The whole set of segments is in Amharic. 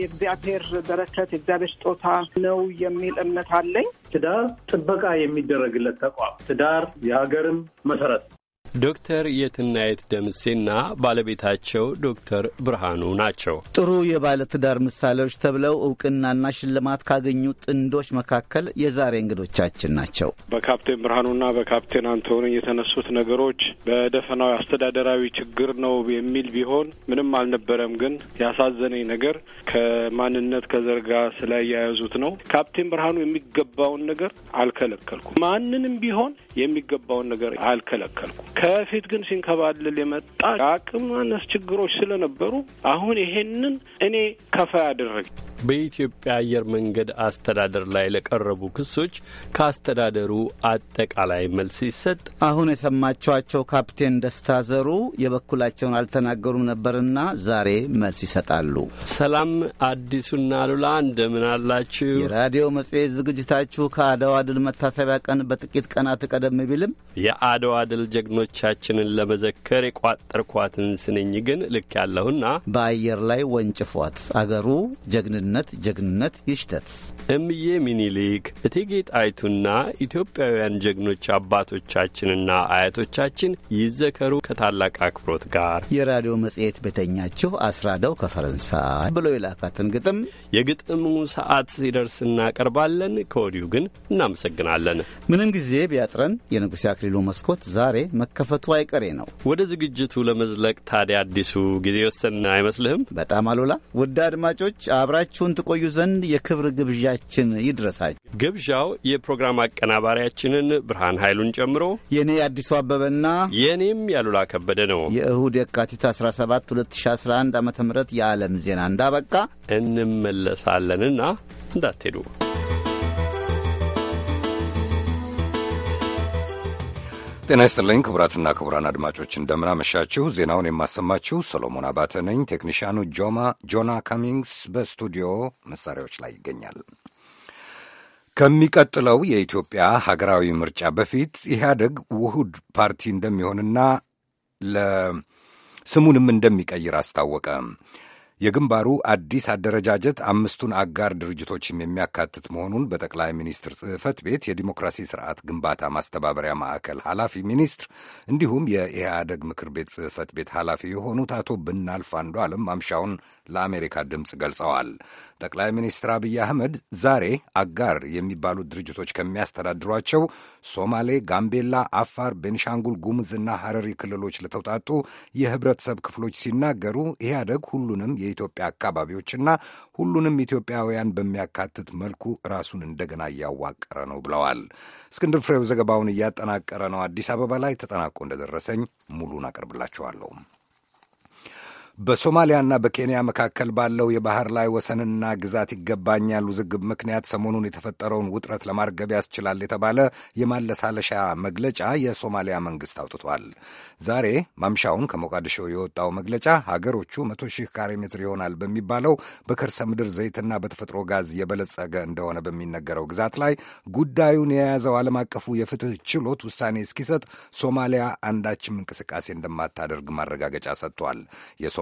የእግዚአብሔር በረከት የእግዚአብሔር ስጦታ ነው የሚል እምነት አለኝ። ትዳር ጥበቃ የሚደረግለት ተቋም፣ ትዳር የሀገርም መሰረት ዶክተር የትናየት ደምሴና ባለቤታቸው ዶክተር ብርሃኑ ናቸው። ጥሩ የባለትዳር ምሳሌዎች ተብለው እውቅናና ሽልማት ካገኙ ጥንዶች መካከል የዛሬ እንግዶቻችን ናቸው። በካፕቴን ብርሃኑና በካፕቴን አንቶኒ የተነሱት ነገሮች በደፈናው አስተዳደራዊ ችግር ነው የሚል ቢሆን ምንም አልነበረም። ግን ያሳዘነኝ ነገር ከማንነት ከዘር ጋር ስላያያዙት ነው። ካፕቴን ብርሃኑ የሚገባውን ነገር አልከለከልኩም። ማንንም ቢሆን የሚገባውን ነገር አልከለከልኩም። ከፊት ግን ሲንከባልል የመጣ አቅም ማነስ ችግሮች ስለነበሩ አሁን ይሄንን እኔ ከፋ ያደረግ በኢትዮጵያ አየር መንገድ አስተዳደር ላይ ለቀረቡ ክሶች ከአስተዳደሩ አጠቃላይ መልስ ይሰጥ አሁን የሰማችኋቸው ካፕቴን ደስታ ዘሩ የበኩላቸውን አልተናገሩም ነበርና ዛሬ መልስ ይሰጣሉ። ሰላም አዲሱና አሉላ እንደምን አላችሁ? የራዲዮ መጽሔት ዝግጅታችሁ ከአድዋ ድል መታሰቢያ ቀን በጥቂት ቀናት ቀደም ቢልም የአድዋ ድል ጀግኖች ጀግኖቻችንን ለመዘከር የቋጠርኳትን ስንኝ ግን ልክ ያለሁና በአየር ላይ ወንጭፏት አገሩ ጀግንነት ጀግንነት ይሽተት። እምዬ ሚኒሊክ፣ እቴጌ ጣይቱና ኢትዮጵያውያን ጀግኖች አባቶቻችንና አያቶቻችን ይዘከሩ ከታላቅ አክብሮት ጋር የራዲዮ መጽሔት ቤተኛችሁ አስራደው ከፈረንሳይ ብሎ የላካትን ግጥም የግጥሙ ሰዓት ሲደርስ እናቀርባለን። ከወዲሁ ግን እናመሰግናለን። ምንም ጊዜ ቢያጥረን የንጉሴ አክሊሉ መስኮት ዛሬ መከፈ መከፈቱ አይቀሬ ነው። ወደ ዝግጅቱ ለመዝለቅ ታዲያ አዲሱ ጊዜ ወሰን አይመስልህም? በጣም አሉላ። ውድ አድማጮች አብራችሁን ትቆዩ ዘንድ የክብር ግብዣችን ይድረሳችሁ። ግብዣው የፕሮግራም አቀናባሪያችንን ብርሃን ኃይሉን ጨምሮ የእኔ አዲሱ አበበና የእኔም ያሉላ ከበደ ነው። የእሁድ የካቲት 17 2011 ዓ ም የዓለም ዜና እንዳበቃ እንመለሳለንና እንዳትሄዱ ጤና ይስጥልኝ ክቡራትና ክቡራን አድማጮች እንደምናመሻችሁ። ዜናውን የማሰማችሁ ሰሎሞን አባተ ነኝ። ቴክኒሽያኑ ጆና ካሚንግስ በስቱዲዮ መሳሪያዎች ላይ ይገኛል። ከሚቀጥለው የኢትዮጵያ ሀገራዊ ምርጫ በፊት ኢህአደግ ውሁድ ፓርቲ እንደሚሆንና ለስሙንም እንደሚቀይር አስታወቀ። የግንባሩ አዲስ አደረጃጀት አምስቱን አጋር ድርጅቶችም የሚያካትት መሆኑን በጠቅላይ ሚኒስትር ጽህፈት ቤት የዲሞክራሲ ስርዓት ግንባታ ማስተባበሪያ ማዕከል ኃላፊ ሚኒስትር እንዲሁም የኢህአደግ ምክር ቤት ጽህፈት ቤት ኃላፊ የሆኑት አቶ ብናልፍ አንዱ ዓለም ማምሻውን ለአሜሪካ ድምፅ ገልጸዋል። ጠቅላይ ሚኒስትር አብይ አህመድ ዛሬ አጋር የሚባሉት ድርጅቶች ከሚያስተዳድሯቸው ሶማሌ፣ ጋምቤላ፣ አፋር፣ ቤንሻንጉል ጉሙዝና ሐረሪ ክልሎች ለተውጣጡ የህብረተሰብ ክፍሎች ሲናገሩ ኢህአደግ ሁሉንም የኢትዮጵያ አካባቢዎችና ሁሉንም ኢትዮጵያውያን በሚያካትት መልኩ ራሱን እንደገና እያዋቀረ ነው ብለዋል። እስክንድር ፍሬው ዘገባውን እያጠናቀረ ነው። አዲስ አበባ ላይ ተጠናቆ እንደደረሰኝ ሙሉን አቀርብላችኋለሁ። በሶማሊያና በኬንያ መካከል ባለው የባህር ላይ ወሰንና ግዛት ይገባኛል ውዝግብ ምክንያት ሰሞኑን የተፈጠረውን ውጥረት ለማርገብ ያስችላል የተባለ የማለሳለሻ መግለጫ የሶማሊያ መንግስት አውጥቷል። ዛሬ ማምሻውን ከሞቃዲሾ የወጣው መግለጫ ሀገሮቹ መቶ ሺህ ካሬ ሜትር ይሆናል በሚባለው በከርሰ ምድር ዘይትና በተፈጥሮ ጋዝ የበለጸገ እንደሆነ በሚነገረው ግዛት ላይ ጉዳዩን የያዘው ዓለም አቀፉ የፍትህ ችሎት ውሳኔ እስኪሰጥ ሶማሊያ አንዳችም እንቅስቃሴ እንደማታደርግ ማረጋገጫ ሰጥቷል።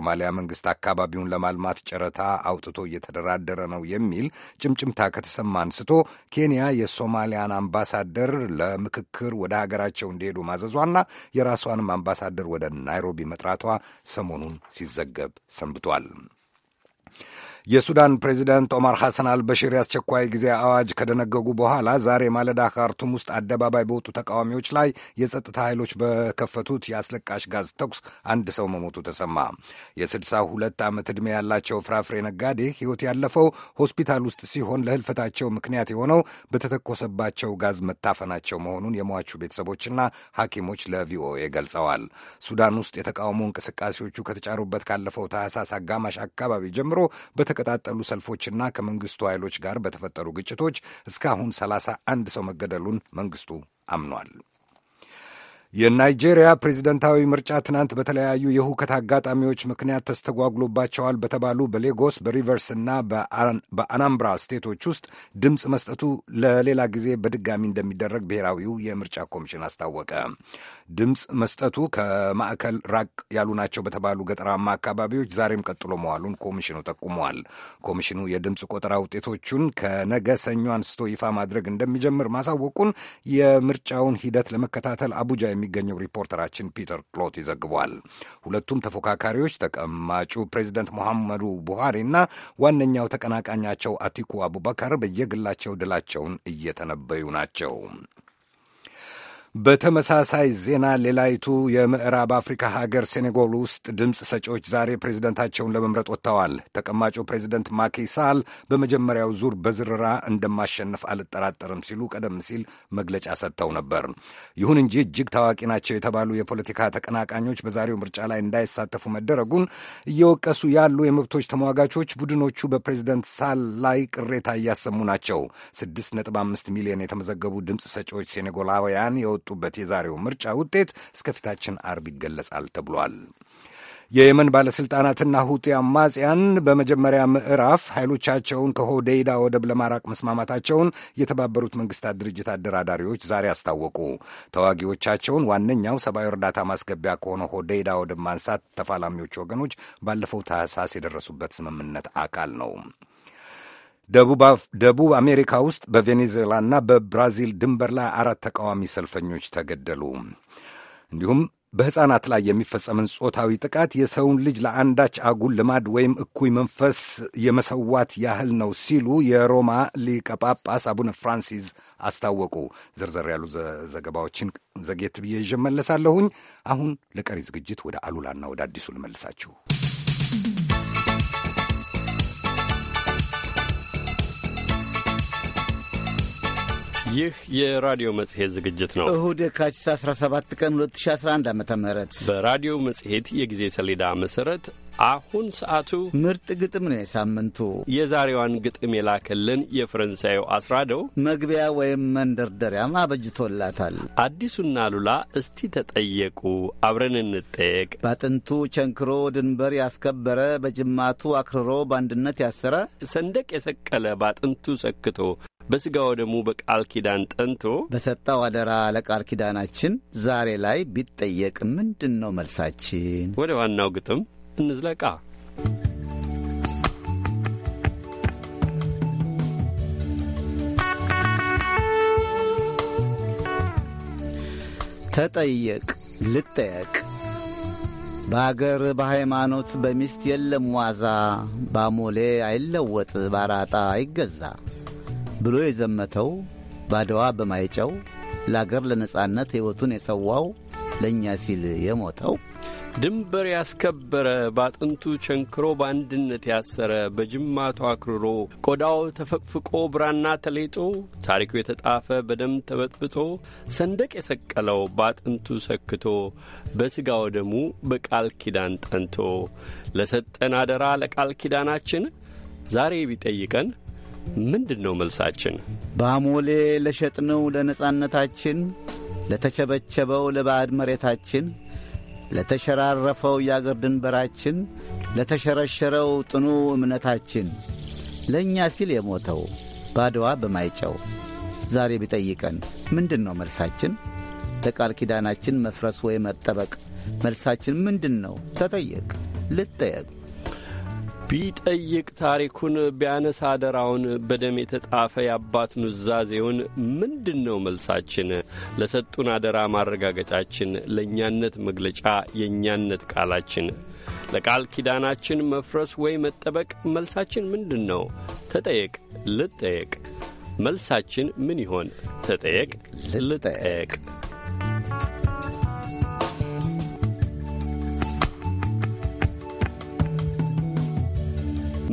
የሶማሊያ መንግስት አካባቢውን ለማልማት ጨረታ አውጥቶ እየተደራደረ ነው የሚል ጭምጭምታ ከተሰማ አንስቶ ኬንያ የሶማሊያን አምባሳደር ለምክክር ወደ ሀገራቸው እንዲሄዱ ማዘዟና የራሷንም አምባሳደር ወደ ናይሮቢ መጥራቷ ሰሞኑን ሲዘገብ ሰንብቷል። የሱዳን ፕሬዚደንት ኦማር ሐሰን አልበሺር የአስቸኳይ ጊዜ አዋጅ ከደነገጉ በኋላ ዛሬ ማለዳ ካርቱም ውስጥ አደባባይ በወጡ ተቃዋሚዎች ላይ የጸጥታ ኃይሎች በከፈቱት የአስለቃሽ ጋዝ ተኩስ አንድ ሰው መሞቱ ተሰማ። የስድሳ ሁለት ዓመት ዕድሜ ያላቸው ፍራፍሬ ነጋዴ ሕይወት ያለፈው ሆስፒታል ውስጥ ሲሆን ለህልፈታቸው ምክንያት የሆነው በተተኮሰባቸው ጋዝ መታፈናቸው መሆኑን የሟቹ ቤተሰቦችና ሐኪሞች ለቪኦኤ ገልጸዋል። ሱዳን ውስጥ የተቃውሞ እንቅስቃሴዎቹ ከተጫሩበት ካለፈው ታህሳስ አጋማሽ አካባቢ ጀምሮ በተቀጣጠሉ ሰልፎችና ከመንግስቱ ኃይሎች ጋር በተፈጠሩ ግጭቶች እስካሁን ሰላሳ አንድ ሰው መገደሉን መንግስቱ አምኗል። የናይጄሪያ ፕሬዚደንታዊ ምርጫ ትናንት በተለያዩ የሁከት አጋጣሚዎች ምክንያት ተስተጓጉሎባቸዋል በተባሉ በሌጎስ በሪቨርስ እና በአናምብራ ስቴቶች ውስጥ ድምፅ መስጠቱ ለሌላ ጊዜ በድጋሚ እንደሚደረግ ብሔራዊው የምርጫ ኮሚሽን አስታወቀ። ድምፅ መስጠቱ ከማዕከል ራቅ ያሉ ናቸው በተባሉ ገጠራማ አካባቢዎች ዛሬም ቀጥሎ መዋሉን ኮሚሽኑ ጠቁመዋል። ኮሚሽኑ የድምፅ ቆጠራ ውጤቶቹን ከነገ ሰኞ አንስቶ ይፋ ማድረግ እንደሚጀምር ማሳወቁን የምርጫውን ሂደት ለመከታተል አቡጃ የሚገኘው ሪፖርተራችን ፒተር ክሎት ይዘግቧል። ሁለቱም ተፎካካሪዎች ተቀማጩ ፕሬዚደንት ሙሐመዱ እና ዋነኛው ተቀናቃኛቸው አቲኩ አቡበከር በየግላቸው ድላቸውን እየተነበዩ ናቸው። በተመሳሳይ ዜና ሌላይቱ የምዕራብ አፍሪካ ሀገር ሴኔጎል ውስጥ ድምፅ ሰጪዎች ዛሬ ፕሬዚደንታቸውን ለመምረጥ ወጥተዋል። ተቀማጩ ፕሬዚደንት ማኬሳል በመጀመሪያው ዙር በዝርራ እንደማሸነፍ አልጠራጠርም ሲሉ ቀደም ሲል መግለጫ ሰጥተው ነበር። ይሁን እንጂ እጅግ ታዋቂ ናቸው የተባሉ የፖለቲካ ተቀናቃኞች በዛሬው ምርጫ ላይ እንዳይሳተፉ መደረጉን እየወቀሱ ያሉ የመብቶች ተሟጋቾች ቡድኖቹ በፕሬዚደንት ሳል ላይ ቅሬታ እያሰሙ ናቸው። 6.5 ሚሊዮን የተመዘገቡ ድምፅ ሰጪዎች ሴኔጎላውያን የወጡበት የዛሬው ምርጫ ውጤት እስከፊታችን አርብ ይገለጻል ተብሏል። የየመን ባለሥልጣናትና ሁቲ አማጽያን በመጀመሪያ ምዕራፍ ኃይሎቻቸውን ከሆዴይዳ ወደብ ለማራቅ መስማማታቸውን የተባበሩት መንግስታት ድርጅት አደራዳሪዎች ዛሬ አስታወቁ። ተዋጊዎቻቸውን ዋነኛው ሰብአዊ እርዳታ ማስገቢያ ከሆነ ሆዴይዳ ወደብ ማንሳት ተፋላሚዎች ወገኖች ባለፈው ታህሳስ የደረሱበት ስምምነት አካል ነው። ደቡብ አሜሪካ ውስጥ በቬኔዙዌላና በብራዚል ድንበር ላይ አራት ተቃዋሚ ሰልፈኞች ተገደሉ። እንዲሁም በሕፃናት ላይ የሚፈጸምን ጾታዊ ጥቃት የሰውን ልጅ ለአንዳች አጉል ልማድ ወይም እኩይ መንፈስ የመሰዋት ያህል ነው ሲሉ የሮማ ሊቀ ጳጳስ አቡነ ፍራንሲስ አስታወቁ። ዝርዝር ያሉ ዘገባዎችን ዘጌት ብዬ ይዤ መለሳለሁኝ። አሁን ለቀሪ ዝግጅት ወደ አሉላና ወደ አዲሱ ልመልሳችሁ። ይህ የራዲዮ መጽሔት ዝግጅት ነው። እሁድ የካቲት 17 ቀን 2011 ዓ ም በራዲዮ መጽሔት የጊዜ ሰሌዳ መሠረት አሁን ሰዓቱ ምርጥ ግጥም ነው። የሳምንቱ የዛሬዋን ግጥም የላከልን የፈረንሳዩ አስራደው መግቢያ ወይም መንደርደሪያም አበጅቶላታል። አዲሱና ሉላ እስቲ ተጠየቁ አብረን እንጠየቅ። በአጥንቱ ቸንክሮ ድንበር ያስከበረ በጅማቱ አክርሮ በአንድነት ያሰረ ሰንደቅ የሰቀለ በአጥንቱ ሰክቶ በስጋ ወደሙ በቃል ኪዳን ጠንቶ በሰጠው አደራ ለቃል ኪዳናችን ዛሬ ላይ ቢጠየቅ ምንድን ነው መልሳችን? ወደ ዋናው ግጥም እንዝለቃ። ተጠየቅ ልጠየቅ በአገር በሃይማኖት በሚስት የለም ዋዛ ባሞሌ አይለወጥ ባራጣ አይገዛ ብሎ የዘመተው ባድዋ በማይጨው ለአገር ለነጻነት ሕይወቱን የሰዋው ለእኛ ሲል የሞተው ድንበር ያስከበረ ባጥንቱ ቸንክሮ በአንድነት ያሰረ በጅማቱ አክርሮ ቆዳው ተፈቅፍቆ ብራና ተሌጦ ታሪኩ የተጣፈ በደም ተበጥብጦ ሰንደቅ የሰቀለው ባጥንቱ ሰክቶ በሥጋው ደሙ በቃል ኪዳን ጠንቶ ለሰጠን አደራ ለቃል ኪዳናችን ዛሬ ቢጠይቀን ምንድን ነው መልሳችን? ባሞሌ ለሸጥነው ለነጻነታችን፣ ለተቸበቸበው ለባዕድ መሬታችን፣ ለተሸራረፈው የአገር ድንበራችን፣ ለተሸረሸረው ጥኑ እምነታችን፣ ለእኛ ሲል የሞተው ባድዋ በማይጨው ዛሬ ቢጠይቀን ምንድን ነው መልሳችን? ለቃል ኪዳናችን መፍረስ ወይ መጠበቅ መልሳችን ምንድን ነው? ተጠየቅ፣ ልጠየቅ። ቢጠይቅ ታሪኩን ቢያነሳ አደራውን በደም የተጣፈ የአባት ኑዛዜውን ምንድን ነው መልሳችን? ለሰጡን አደራ ማረጋገጫችን፣ ለእኛነት መግለጫ የእኛነት ቃላችን፣ ለቃል ኪዳናችን መፍረስ ወይ መጠበቅ መልሳችን ምንድን ነው? ተጠየቅ ልጠየቅ። መልሳችን ምን ይሆን? ተጠየቅ ልጠየቅ።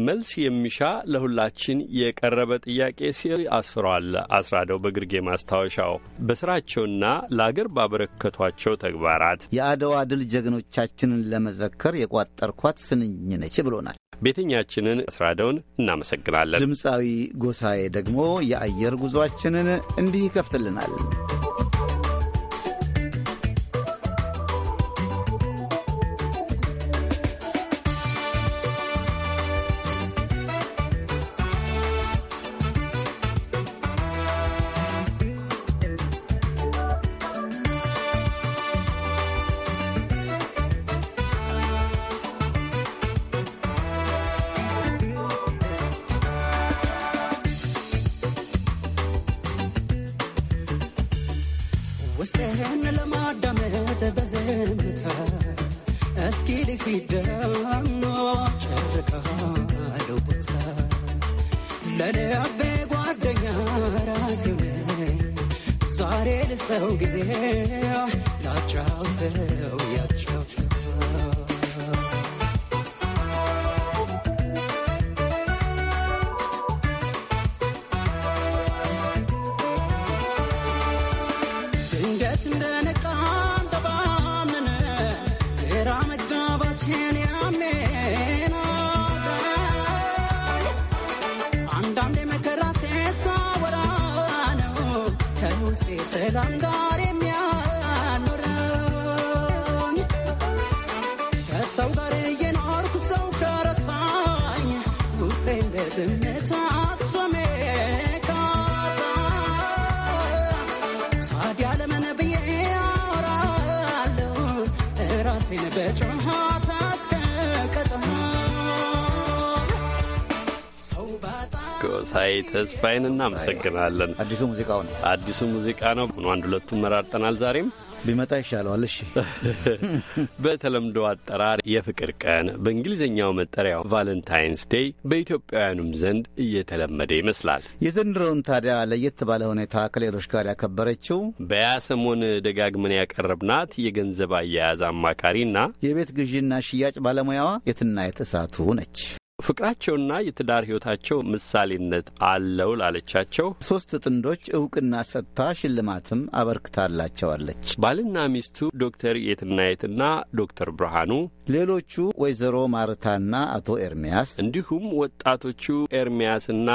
መልስ የሚሻ ለሁላችን የቀረበ ጥያቄ ሲል አስፍረዋል አስራደው በግርጌ ማስታወሻው በስራቸውና ለአገር ባበረከቷቸው ተግባራት የአድዋ ድል ጀግኖቻችንን ለመዘከር የቋጠርኳት ስንኝ ነች ብሎናል። ቤተኛችንን አስራደውን እናመሰግናለን። ድምፃዊ ጎሳዬ ደግሞ የአየር ጉዟችንን እንዲህ ይከፍትልናል። in a better heart. ሲሳይ ተስፋይን እናመሰግናለን። አዲሱ ሙዚቃው ነው አዲሱ ሙዚቃ ነው። አንድ ሁለቱም መራርጠናል። ዛሬም ቢመጣ ይሻለዋል። እሺ፣ በተለምዶ አጠራር የፍቅር ቀን በእንግሊዝኛው መጠሪያው ቫለንታይንስ ዴይ በኢትዮጵያውያኑም ዘንድ እየተለመደ ይመስላል። የዘንድሮውን ታዲያ ለየት ባለ ሁኔታ ከሌሎች ጋር ያከበረችው በያ ሰሞን ደጋግመን ያቀረብናት የገንዘብ አያያዝ አማካሪና የቤት ግዢና ሽያጭ ባለሙያዋ የትናየት እሳቱ ነች። ፍቅራቸውና የትዳር ሕይወታቸው ምሳሌነት አለው ላለቻቸው ሶስት ጥንዶች እውቅና ሰጥታ ሽልማትም አበርክታላቸዋለች። ባልና ሚስቱ ዶክተር የትናየትና ዶክተር ብርሃኑ ሌሎቹ ወይዘሮ ማርታና አቶ ኤርሚያስ እንዲሁም ወጣቶቹ ኤርሚያስና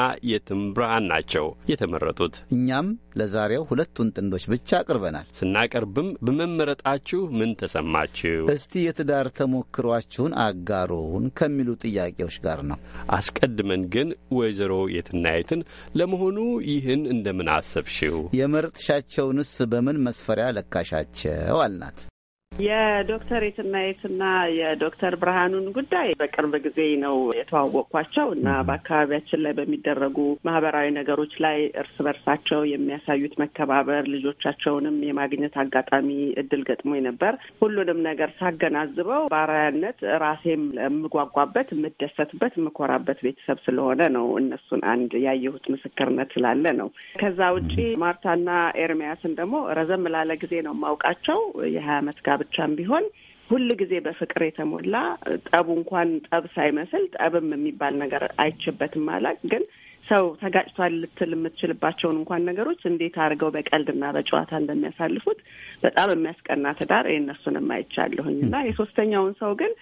ብርሃን ናቸው የተመረጡት። እኛም ለዛሬው ሁለቱን ጥንዶች ብቻ አቅርበናል። ስናቀርብም በመመረጣችሁ ምን ተሰማችሁ? እስቲ የትዳር ተሞክሯችሁን አጋሩን ከሚሉ ጥያቄዎች ጋር ነው። አስቀድመን ግን ወይዘሮ የትናየትን ለመሆኑ ይህን እንደምን አሰብሽው? የመረጥሻቸውንስ በምን መስፈሪያ ለካሻቸው? አልናት። የዶክተር የትና የዶክተር ብርሃኑን ጉዳይ በቅርብ ጊዜ ነው የተዋወቅኳቸው እና በአካባቢያችን ላይ በሚደረጉ ማህበራዊ ነገሮች ላይ እርስ በርሳቸው የሚያሳዩት መከባበር ልጆቻቸውንም የማግኘት አጋጣሚ እድል ገጥሞኝ ነበር። ሁሉንም ነገር ሳገናዝበው ባራያነት ራሴም የምጓጓበት፣ የምደሰትበት፣ የምኮራበት ቤተሰብ ስለሆነ ነው እነሱን አንድ ያየሁት ምስክርነት ስላለ ነው። ከዛ ውጪ ማርታና ኤርሚያስን ደግሞ ረዘም ላለ ጊዜ ነው የማውቃቸው የሀያ አመት ጋብ ብቻም ቢሆን ሁል ጊዜ በፍቅር የተሞላ ጠቡ እንኳን ጠብ ሳይመስል ጠብም የሚባል ነገር አይችበትም አላቅ ግን ሰው ተጋጭቷል ልትል የምትችልባቸውን እንኳን ነገሮች እንዴት አድርገው በቀልድና በጨዋታ እንደሚያሳልፉት በጣም የሚያስቀና ትዳር የእነሱንም አይቻለሁኝ እና የሶስተኛውን ሰው ግን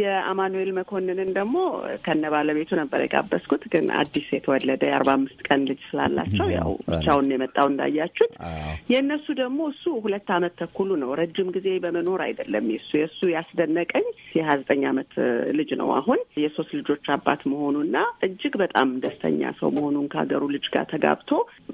የአማኑኤል መኮንንን ደግሞ ከነ ባለቤቱ ነበር የጋበዝኩት። ግን አዲስ የተወለደ የአርባ አምስት ቀን ልጅ ስላላቸው ያው ብቻውን የመጣው እንዳያችሁት። የእነሱ ደግሞ እሱ ሁለት አመት ተኩሉ ነው፣ ረጅም ጊዜ በመኖር አይደለም። የሱ የእሱ ያስደነቀኝ የሀያ ዘጠኝ አመት ልጅ ነው አሁን የሶስት ልጆች አባት መሆኑና እጅግ በጣም ደስተኛ ሰው መሆኑን ከሀገሩ ልጅ ጋር ተጋብቶ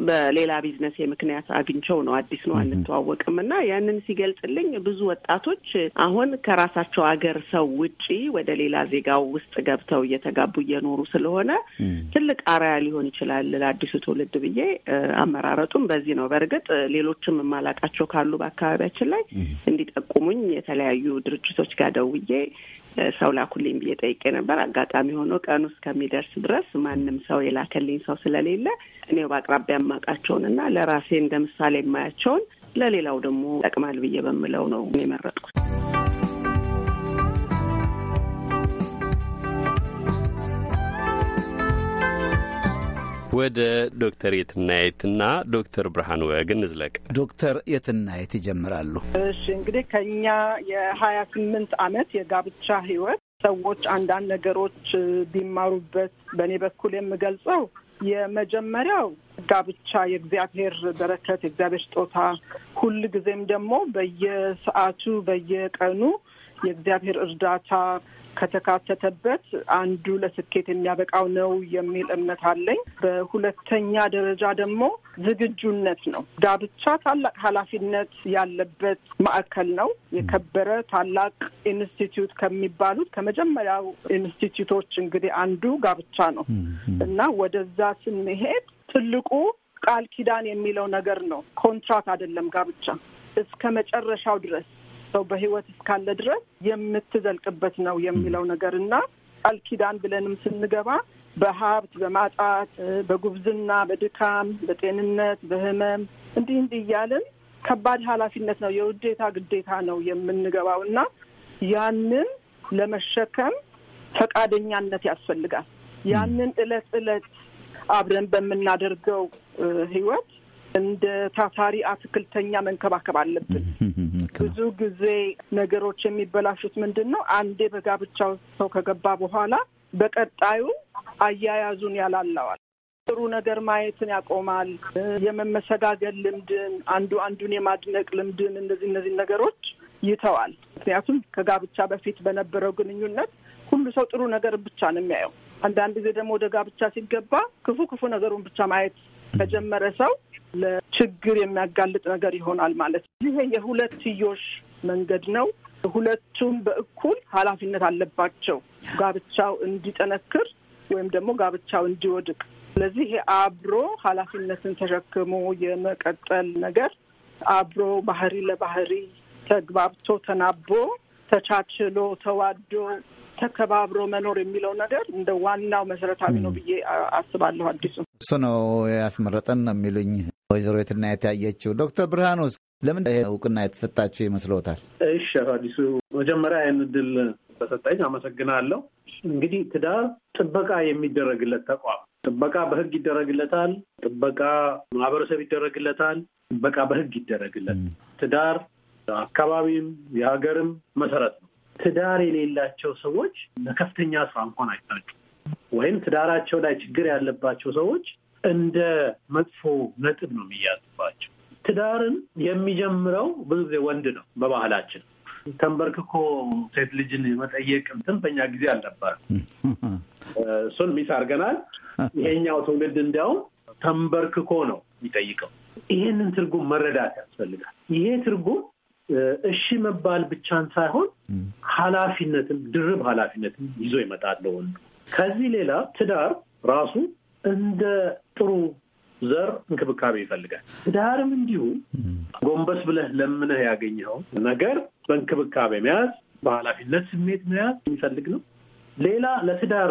በሌላ ቢዝነስ ምክንያት አግኝቸው ነው። አዲስ ነው፣ አንተዋወቅም እና ያንን ሲገልጽልኝ ብዙ ወጣቶች አሁን ከራሳቸው ሀገር ሰው ውጪ ወደ ሌላ ዜጋው ውስጥ ገብተው እየተጋቡ እየኖሩ ስለሆነ ትልቅ አርያ ሊሆን ይችላል ለአዲሱ ትውልድ ብዬ አመራረጡም በዚህ ነው። በእርግጥ ሌሎችም የማላቃቸው ካሉ በአካባቢያችን ላይ እንዲጠቁሙኝ የተለያዩ ድርጅቶች ጋር ደውዬ ሰው ላኩልኝ ብዬ ጠይቄ ነበር። አጋጣሚ ሆኖ ቀኑ እስከሚደርስ ድረስ ማንም ሰው የላከልኝ ሰው ስለሌለ እኔው በአቅራቢያ የማውቃቸውን እና ለራሴ እንደ ምሳሌ የማያቸውን ለሌላው ደግሞ ጠቅማል ብዬ በምለው ነው የመረጥኩት። ወደ ዶክተር የትናየትና ዶክተር ብርሃን ወግ እንዝለቅ። ዶክተር የትናየት ይጀምራሉ። እሺ እንግዲህ ከኛ የሀያ ስምንት አመት የጋብቻ ህይወት ሰዎች አንዳንድ ነገሮች ቢማሩበት በእኔ በኩል የምገልጸው የመጀመሪያው ጋብቻ የእግዚአብሔር በረከት የእግዚአብሔር ስጦታ፣ ሁል ጊዜም ደግሞ በየሰዓቱ በየቀኑ የእግዚአብሔር እርዳታ ከተካተተበት አንዱ ለስኬት የሚያበቃው ነው የሚል እምነት አለኝ። በሁለተኛ ደረጃ ደግሞ ዝግጁነት ነው። ዳብቻ ታላቅ ኃላፊነት ያለበት ማዕከል ነው። የከበረ ታላቅ ኢንስቲትዩት ከሚባሉት ከመጀመሪያው ኢንስቲትዩቶች እንግዲህ አንዱ ጋብቻ ነው እና ወደዛ ስንሄድ ትልቁ ቃል ኪዳን የሚለው ነገር ነው። ኮንትራት አይደለም ጋብቻ እስከ መጨረሻው ድረስ ሰው በህይወት እስካለ ድረስ የምትዘልቅበት ነው የሚለው ነገር እና ቃል ኪዳን ብለንም ስንገባ በሀብት በማጣት በጉብዝና በድካም በጤንነት በህመም እንዲህ እንዲህ እያልን ከባድ ኃላፊነት ነው የውዴታ ግዴታ ነው የምንገባው እና ያንን ለመሸከም ፈቃደኛነት ያስፈልጋል። ያንን እለት እለት አብረን በምናደርገው ህይወት እንደ ታታሪ አትክልተኛ መንከባከብ አለብን። ብዙ ጊዜ ነገሮች የሚበላሹት ምንድን ነው? አንዴ በጋብቻ ሰው ከገባ በኋላ በቀጣዩ አያያዙን ያላላዋል። ጥሩ ነገር ማየትን ያቆማል። የመመሰጋገል ልምድን፣ አንዱ አንዱን የማድነቅ ልምድን፣ እነዚህ እነዚህ ነገሮች ይተዋል። ምክንያቱም ከጋብቻ በፊት በነበረው ግንኙነት ሁሉ ሰው ጥሩ ነገር ብቻ ነው የሚያየው። አንዳንድ ጊዜ ደግሞ ወደ ጋብቻ ሲገባ ክፉ ክፉ ነገሩን ብቻ ማየት ከጀመረ ሰው ለችግር የሚያጋልጥ ነገር ይሆናል ማለት ነው። ይሄ የሁለትዮሽ መንገድ ነው። ሁለቱም በእኩል ኃላፊነት አለባቸው ጋብቻው እንዲጠነክር ወይም ደግሞ ጋብቻው እንዲወድቅ። ስለዚህ ይሄ አብሮ ኃላፊነትን ተሸክሞ የመቀጠል ነገር አብሮ ባህሪ ለባህሪ ተግባብቶ ተናቦ ተቻችሎ ተዋዶ ተከባብሮ መኖር የሚለው ነገር እንደ ዋናው መሰረታዊ ነው ብዬ አስባለሁ። አዲሱ እሱ ነው ያስመረጠን ነው የሚሉኝ ወይዘሮ የትና የታየችው ዶክተር ብርሃኑስ ለምን ይሄ እውቅና የተሰጣችሁ ይመስለዎታል? እሺ አዲሱ መጀመሪያ ይህን እድል በሰጠኝ አመሰግናለሁ። እንግዲህ ትዳር ጥበቃ የሚደረግለት ተቋም ጥበቃ በህግ ይደረግለታል። ጥበቃ ማህበረሰብ ይደረግለታል። ጥበቃ በህግ ይደረግለታል። ትዳር አካባቢም የሀገርም መሰረት ነው። ትዳር የሌላቸው ሰዎች ለከፍተኛ ስራ እንኳን አይታጩ ወይም ትዳራቸው ላይ ችግር ያለባቸው ሰዎች እንደ መጥፎ ነጥብ ነው የሚያዝባቸው። ትዳርን የሚጀምረው ብዙ ጊዜ ወንድ ነው። በባህላችን ተንበርክኮ ሴት ልጅን የመጠየቅ እንትን በኛ ጊዜ አልነበረ። እሱን ሚስ አድርገናል። ይሄኛው ትውልድ እንዲያውም ተንበርክኮ ነው የሚጠይቀው። ይሄንን ትርጉም መረዳት ያስፈልጋል። ይሄ ትርጉም እሺ መባል ብቻን ሳይሆን ኃላፊነትም ድርብ ኃላፊነትም ይዞ ይመጣል ወንዱ። ከዚህ ሌላ ትዳር ራሱ እንደ ጥሩ ዘር እንክብካቤ ይፈልጋል። ትዳርም እንዲሁ ጎንበስ ብለህ ለምነህ ያገኘኸው ነገር በእንክብካቤ መያዝ፣ በኃላፊነት ስሜት መያዝ የሚፈልግ ነው። ሌላ ለትዳር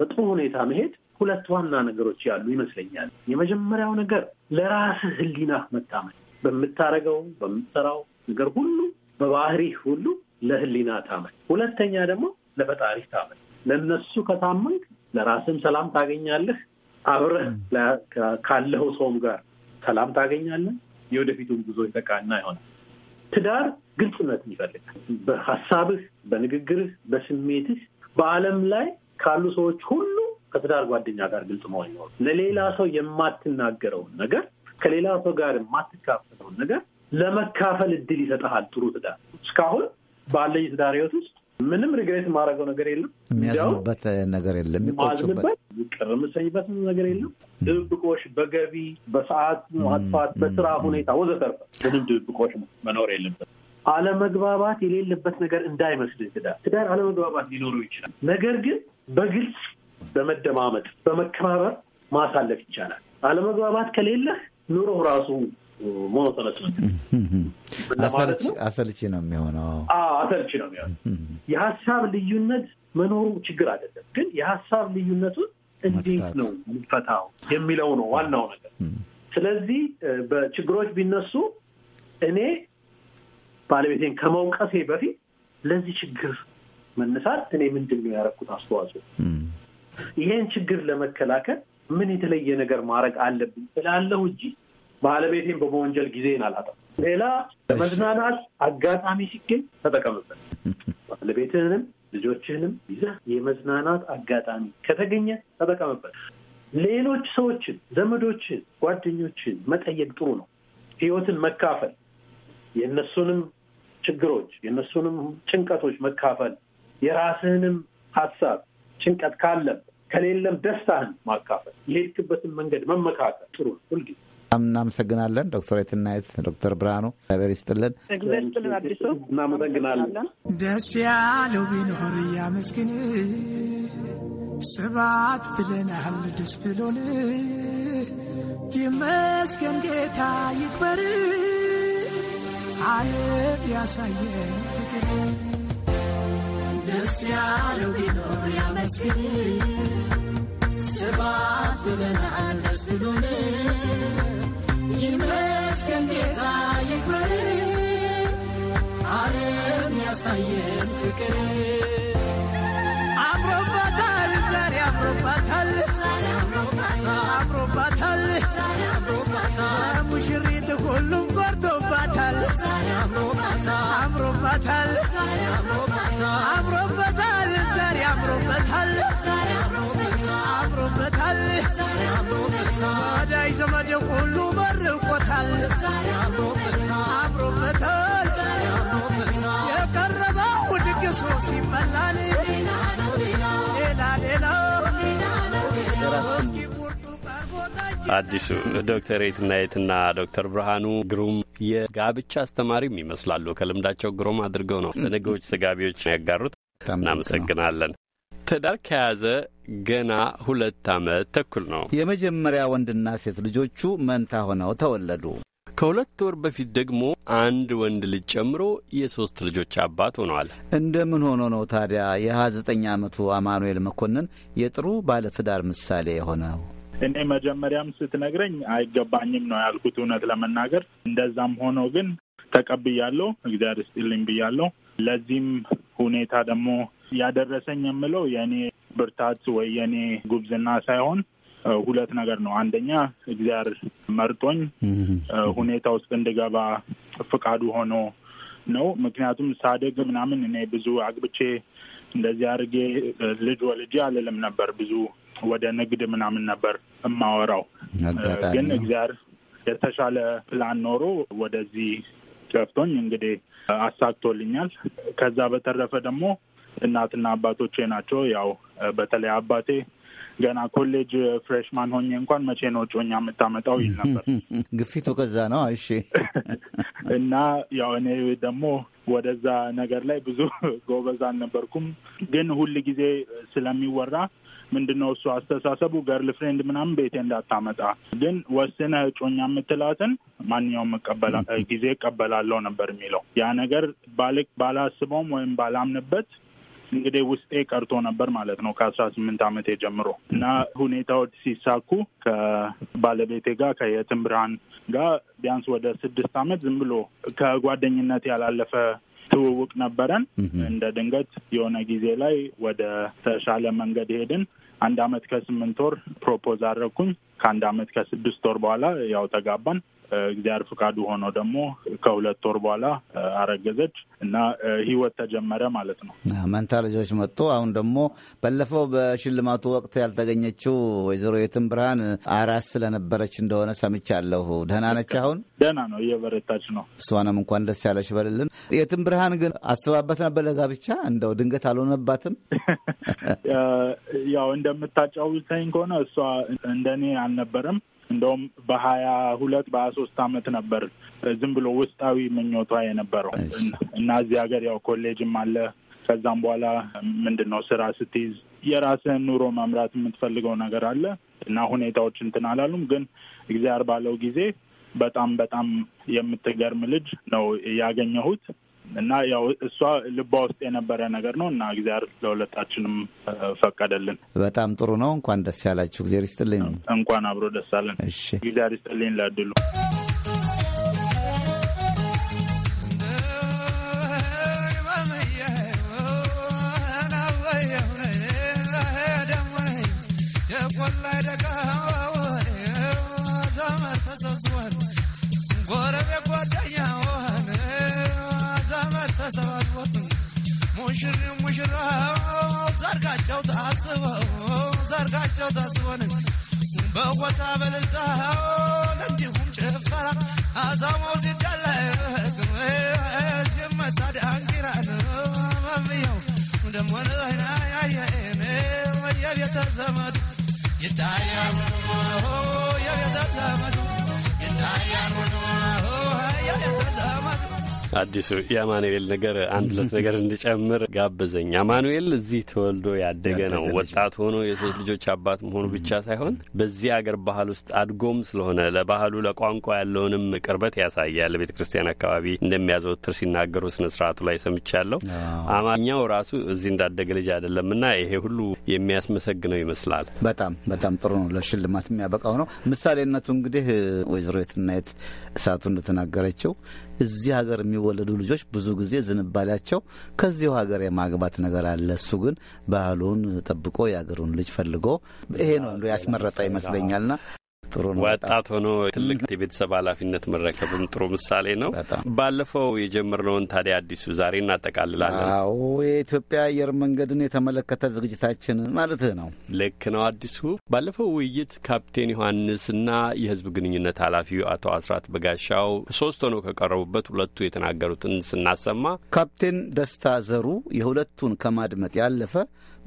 በጥሩ ሁኔታ መሄድ ሁለት ዋና ነገሮች ያሉ ይመስለኛል። የመጀመሪያው ነገር ለራስህ ህሊና መታመን በምታደርገው በምትሰራው ነገር ሁሉ በባህሪ ሁሉ ለህሊና ታመን፣ ሁለተኛ ደግሞ ለፈጣሪ ታመን። ለነሱ ከታመንክ ለራስም ሰላም ታገኛለህ። አብረህ ካለው ሰውም ጋር ሰላም ታገኛለህ። የወደፊቱን ጉዞ የተቃና ይሆናል። ትዳር ግልጽነት ይፈልጋል። በሀሳብህ፣ በንግግርህ፣ በስሜትህ በዓለም ላይ ካሉ ሰዎች ሁሉ ከትዳር ጓደኛ ጋር ግልጽ መሆን ይኖሩ ለሌላ ሰው የማትናገረውን ነገር ከሌላ ሰው ጋር የማትካፈለውን ነገር ለመካፈል እድል ይሰጠሃል። ጥሩ ትዳር እስካሁን ባለኝ ትዳር ህይወት ውስጥ ምንም ሪግሬት የማደርገው ነገር የለም። ነገር የለም። የሚቆጩበት ቅር የምሰኝበት ነገር የለም። ድብብቆሽ በገቢ በሰዓት ማጥፋት፣ በስራ ሁኔታ ወዘተርፈ ምንም ድብብቆሽ መኖር የለበት። አለመግባባት የሌለበት ነገር እንዳይመስልህ። ትዳር ትዳር አለመግባባት ሊኖረው ይችላል። ነገር ግን በግልጽ በመደማመጥ በመከባበር ማሳለፍ ይቻላል። አለመግባባት ከሌለህ ኑሮ ራሱ ሞኖቶነስ ነው። አሰልቺ ነው የሚሆነው። አሰልቺ ነው የሚሆነው። የሀሳብ ልዩነት መኖሩ ችግር አይደለም፣ ግን የሀሳብ ልዩነቱን እንዴት ነው የሚፈታው የሚለው ነው ዋናው ነገር። ስለዚህ በችግሮች ቢነሱ እኔ ባለቤቴን ከመውቀሴ በፊት ለዚህ ችግር መነሳት እኔ ምንድን ነው ያደረኩት አስተዋጽኦ፣ ይሄን ችግር ለመከላከል ምን የተለየ ነገር ማድረግ አለብኝ እላለሁ እንጂ ባለቤቴን በመወንጀል ጊዜን አላጠፋም። ሌላ ለመዝናናት አጋጣሚ ሲገኝ ተጠቀምበት። ባለቤትህንም ልጆችህንም ይዘህ የመዝናናት አጋጣሚ ከተገኘ ተጠቀምበት። ሌሎች ሰዎችን፣ ዘመዶችን፣ ጓደኞችን መጠየቅ ጥሩ ነው። ህይወትን መካፈል የእነሱንም ችግሮች የእነሱንም ጭንቀቶች መካፈል የራስህንም ሀሳብ ጭንቀት ካለም ከሌለም ደስታህን ማካፈል የሄድክበትን መንገድ መመካከል ጥሩ ነው ሁልጊዜ እናመሰግናለን ዶክተር የትናየት ዶክተር ብርሃኑ እግዚአብሔር ይስጥልን። እናመሰግናለን። ደስ ያለው ቢኖር እያመስግን ስባት ብለናል ደስ ብሎን ይመስገን ጌታ ይክበር ዓለም ያሳየን ፍቅር ደስ ያለው ቢኖር ያመስግን ስባት ብለናል ደስ ብሎን ይመስገን ጌታ አምሮባታል ዛሬ አምሮባታል አምሮባታል ሙሽሪት አምሮባታል አምሮበታል ዛሬ አምሮበታል አምሮበታል አዳይ ዘመድ ሁሉ መርቆታል አምሮበታል የቀረበው ድግሱ ሲመላል ሌላ ሌላ አዲሱ ዶክተር የትናየትና ዶክተር ብርሃኑ ግሩም የጋብቻ አስተማሪም ይመስላሉ። ከልምዳቸው ግሩም አድርገው ነው ለነገዎች ዘጋቢዎች ያጋሩት። እናመሰግናለን። ትዳር ከያዘ ገና ሁለት ዓመት ተኩል ነው። የመጀመሪያ ወንድና ሴት ልጆቹ መንታ ሆነው ተወለዱ። ከሁለት ወር በፊት ደግሞ አንድ ወንድ ልጅ ጨምሮ የሦስት ልጆች አባት ሆነዋል። እንደምን ሆኖ ነው ታዲያ የ29 ዓመቱ አማኑኤል መኮንን የጥሩ ባለትዳር ምሳሌ የሆነው? እኔ መጀመሪያም ስትነግረኝ አይገባኝም ነው ያልኩት እውነት ለመናገር እንደዛም ሆኖ ግን ተቀብያለሁ። እግዚአብሔር ይስጥልኝ ብያለሁ። ለዚህም ሁኔታ ደግሞ ያደረሰኝ የምለው የእኔ ብርታት ወይ የእኔ ጉብዝና ሳይሆን ሁለት ነገር ነው። አንደኛ እግዚአብሔር መርጦኝ ሁኔታ ውስጥ እንድገባ ፍቃዱ ሆኖ ነው። ምክንያቱም ሳደግ ምናምን እኔ ብዙ አግብቼ እንደዚህ አድርጌ ልጅ ወልጄ አልልም ነበር። ብዙ ወደ ንግድ ምናምን ነበር የማወራው። ግን እግዚአብሔር የተሻለ ፕላን ኖሮ ወደዚህ ከፍቶኝ እንግዲህ አሳክቶልኛል። ከዛ በተረፈ ደግሞ እናትና አባቶቼ ናቸው። ያው በተለይ አባቴ ገና ኮሌጅ ፍሬሽማን ሆኜ እንኳን መቼ ነው እጮኛ የምታመጣው ይል ነበር። ግፊቱ ከዛ ነው። እሺ። እና ያው እኔ ደግሞ ወደዛ ነገር ላይ ብዙ ጎበዝ አልነበርኩም፣ ግን ሁል ጊዜ ስለሚወራ ምንድነው እሱ አስተሳሰቡ ገርል ፍሬንድ ምናምን ቤቴ እንዳታመጣ፣ ግን ወስነ እጮኛ የምትላትን ማንኛውም ጊዜ እቀበላለሁ ነበር የሚለው ያ ነገር ባላስበውም ወይም ባላምንበት እንግዲህ ውስጤ ቀርቶ ነበር ማለት ነው ከአስራ ስምንት ዓመቴ ጀምሮ እና ሁኔታዎች ሲሳኩ ከባለቤቴ ጋር ከየትም ብርሃን ጋር ቢያንስ ወደ ስድስት ዓመት ዝም ብሎ ከጓደኝነት ያላለፈ ትውውቅ ነበረን። እንደ ድንገት የሆነ ጊዜ ላይ ወደ ተሻለ መንገድ ሄድን። አንድ አመት ከስምንት ወር ፕሮፖዝ አድረግኩኝ። ከአንድ አመት ከስድስት ወር በኋላ ያው ተጋባን። እግዚአብሔር ፍቃዱ ሆኖ ደግሞ ከሁለት ወር በኋላ አረገዘች እና ህይወት ተጀመረ ማለት ነው። መንታ ልጆች መጡ። አሁን ደግሞ ባለፈው በሽልማቱ ወቅት ያልተገኘችው ወይዘሮ የትም ብርሃን አራስ ስለነበረች እንደሆነ ሰምቻለሁ። ደህና ነች? አሁን ደህና ነው፣ እየበረታች ነው። እሷንም እንኳን ደስ ያለሽ በልልን። የትም ብርሃን ግን አስባበት ነበር ለጋብቻ? እንደው ድንገት አልሆነባትም? ያው እንደምታጫውተኝ ከሆነ እሷ እንደኔ አልነበረም እንደውም በሀያ ሁለት በሀያ ሶስት አመት ነበር ዝም ብሎ ውስጣዊ ምኞቷ የነበረው እና እዚህ ሀገር ያው ኮሌጅም አለ። ከዛም በኋላ ምንድን ነው ስራ ስትይዝ የራስህን ኑሮ መምራት የምትፈልገው ነገር አለ እና ሁኔታዎች እንትን አላሉም። ግን እግዚአብሔር ባለው ጊዜ በጣም በጣም የምትገርም ልጅ ነው ያገኘሁት። እና ያው እሷ ልባ ውስጥ የነበረ ነገር ነው እና እግዚአብሔር ለሁለታችንም ፈቀደልን። በጣም ጥሩ ነው። እንኳን ደስ ያላችሁ። እግዚአብሔር ይስጥልኝ። እንኳን አብሮ ደስ አለን። እግዚአብሔር ይስጥልኝ ለድሉ I ታስበው ዘርጋቸው ተስቦን በቦታ በልልታ እንዲሁም ጭፈራ አዛማው ሲዳላይ ሲመታ ዳንኪራ መምየው ደሞን ያየኔ የቤተ ዘመዱ ይታያል የቤተ ዘመዱ ይታያል የቤተ ዘመዱ አዲሱ የአማኑኤል ነገር አንድ ሁለት ነገር እንድጨምር ጋበዘኝ። አማኑኤል እዚህ ተወልዶ ያደገ ነው። ወጣት ሆኖ የሶስት ልጆች አባት መሆኑ ብቻ ሳይሆን በዚህ አገር ባህል ውስጥ አድጎም ስለሆነ ለባህሉ ለቋንቋ ያለውንም ቅርበት ያሳያል። ለቤተ ክርስቲያን አካባቢ እንደሚያዘወትር ሲናገሩ ስነ ስርዓቱ ላይ ሰምቻለሁ። አማርኛው ራሱ እዚህ እንዳደገ ልጅ አይደለም እና ይሄ ሁሉ የሚያስመሰግነው ይመስላል። በጣም በጣም ጥሩ ነው። ለሽልማት የሚያበቃው ነው። ምሳሌነቱ እንግዲህ ወይዘሮ የትናየት እሳቱ እንደተናገረችው እዚህ ሀገር የሚወለዱ ልጆች ብዙ ጊዜ ዝንባሌያቸው ከዚሁ ሀገር የማግባት ነገር አለ። እሱ ግን ባህሉን ጠብቆ የሀገሩን ልጅ ፈልጎ ይሄ ነው እንዶ ያስመረጠ ይመስለኛልና ወጣት ሆኖ ትልቅ የቤተሰብ ኃላፊነት መረከብም ጥሩ ምሳሌ ነው። ባለፈው የጀመርነውን ታዲያ አዲሱ ዛሬ እናጠቃልላለን። አዎ የኢትዮጵያ አየር መንገድን የተመለከተ ዝግጅታችን ማለት ነው። ልክ ነው አዲሱ። ባለፈው ውይይት ካፕቴን ዮሐንስና የህዝብ ግንኙነት ኃላፊው አቶ አስራት በጋሻው ሶስት ሆኖ ከቀረቡበት ሁለቱ የተናገሩትን ስናሰማ ካፕቴን ደስታ ዘሩ የሁለቱን ከማድመጥ ያለፈ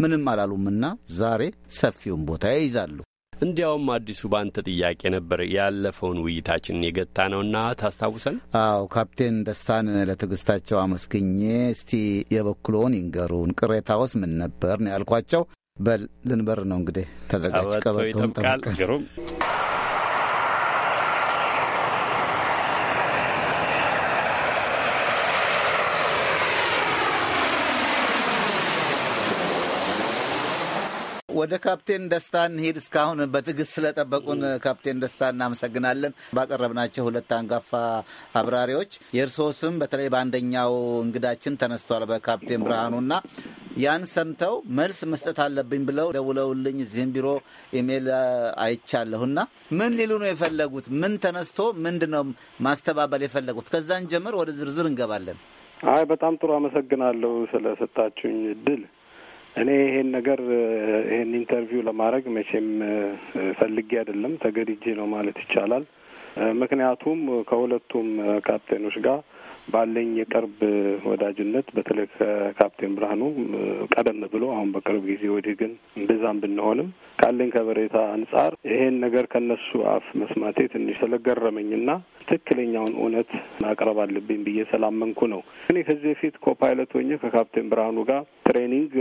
ምንም አላሉምና ዛሬ ሰፊውን ቦታ ይይዛሉ። እንዲያውም አዲሱ በአንተ ጥያቄ ነበር ያለፈውን ውይይታችንን የገታ ነውና ታስታውሰን። አዎ ካፕቴን ደስታን ለትዕግስታቸው አመስግኜ እስቲ የበኩሎን ይንገሩን፣ ቅሬታውስ ምን ነበር ነው ያልኳቸው። በል ልንበር ነው እንግዲህ ተዘጋጅ፣ ቀበቶም ጠብቃል። ወደ ካፕቴን ደስታ እንሄድ። እስካሁን በትዕግስት ስለጠበቁን ካፕቴን ደስታ እናመሰግናለን። ባቀረብናቸው ሁለት አንጋፋ አብራሪዎች የእርስዎ ስም በተለይ በአንደኛው እንግዳችን ተነስቷል፣ በካፕቴን ብርሃኑና ያን ሰምተው መልስ መስጠት አለብኝ ብለው ደውለውልኝ እዚህም ቢሮ ኢሜል አይቻለሁና ምን ሊሉ ነው የፈለጉት? ምን ተነስቶ ምንድን ነው ማስተባበል የፈለጉት? ከዛን ጀምር ወደ ዝርዝር እንገባለን። አይ በጣም ጥሩ አመሰግናለሁ ስለሰጣችሁኝ እድል። እኔ ይሄን ነገር ይሄን ኢንተርቪው ለማድረግ መቼም ፈልጌ አይደለም፣ ተገድጄ ነው ማለት ይቻላል። ምክንያቱም ከሁለቱም ካፕቴኖች ጋር ባለኝ የቅርብ ወዳጅነት በተለይ ከካፕቴን ብርሃኑ ቀደም ብሎ አሁን በቅርብ ጊዜ ወዲህ ግን እንደዛም ብንሆንም ካለኝ ከበሬታ አንጻር ይሄን ነገር ከነሱ አፍ መስማቴ ትንሽ ስለገረመኝና ትክክለኛውን እውነት ማቅረብ አለብኝ ብዬ ስላመንኩ ነው። እኔ ከዚህ በፊት ኮፓይለት ሆኜ ከካፕቴን ብርሃኑ ጋር ትሬኒንግ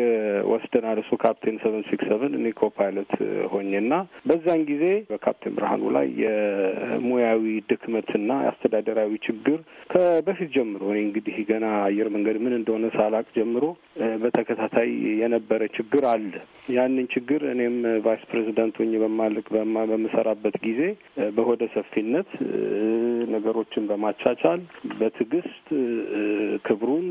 ወስደናል። እሱ ካፕቴን ሰቨን ሲክስ ሰቨን እኔ ኮፓይለት ሆኜና በዛን ጊዜ በካፕቴን ብርሃኑ ላይ የሙያዊ ድክመትና የአስተዳደራዊ ችግር ከበፊት ጀምሮ እኔ እንግዲህ ገና አየር መንገድ ምን እንደሆነ ሳላቅ ጀምሮ በተከታታይ የነበረ ችግር አለ። ያንን ችግር እኔም ቫይስ ፕሬዚደንት ሆኜ በማልቅ በምሰራበት ጊዜ በሆደ ሰፊነት ነገሮችን በማቻቻል በትዕግስት ክብሩን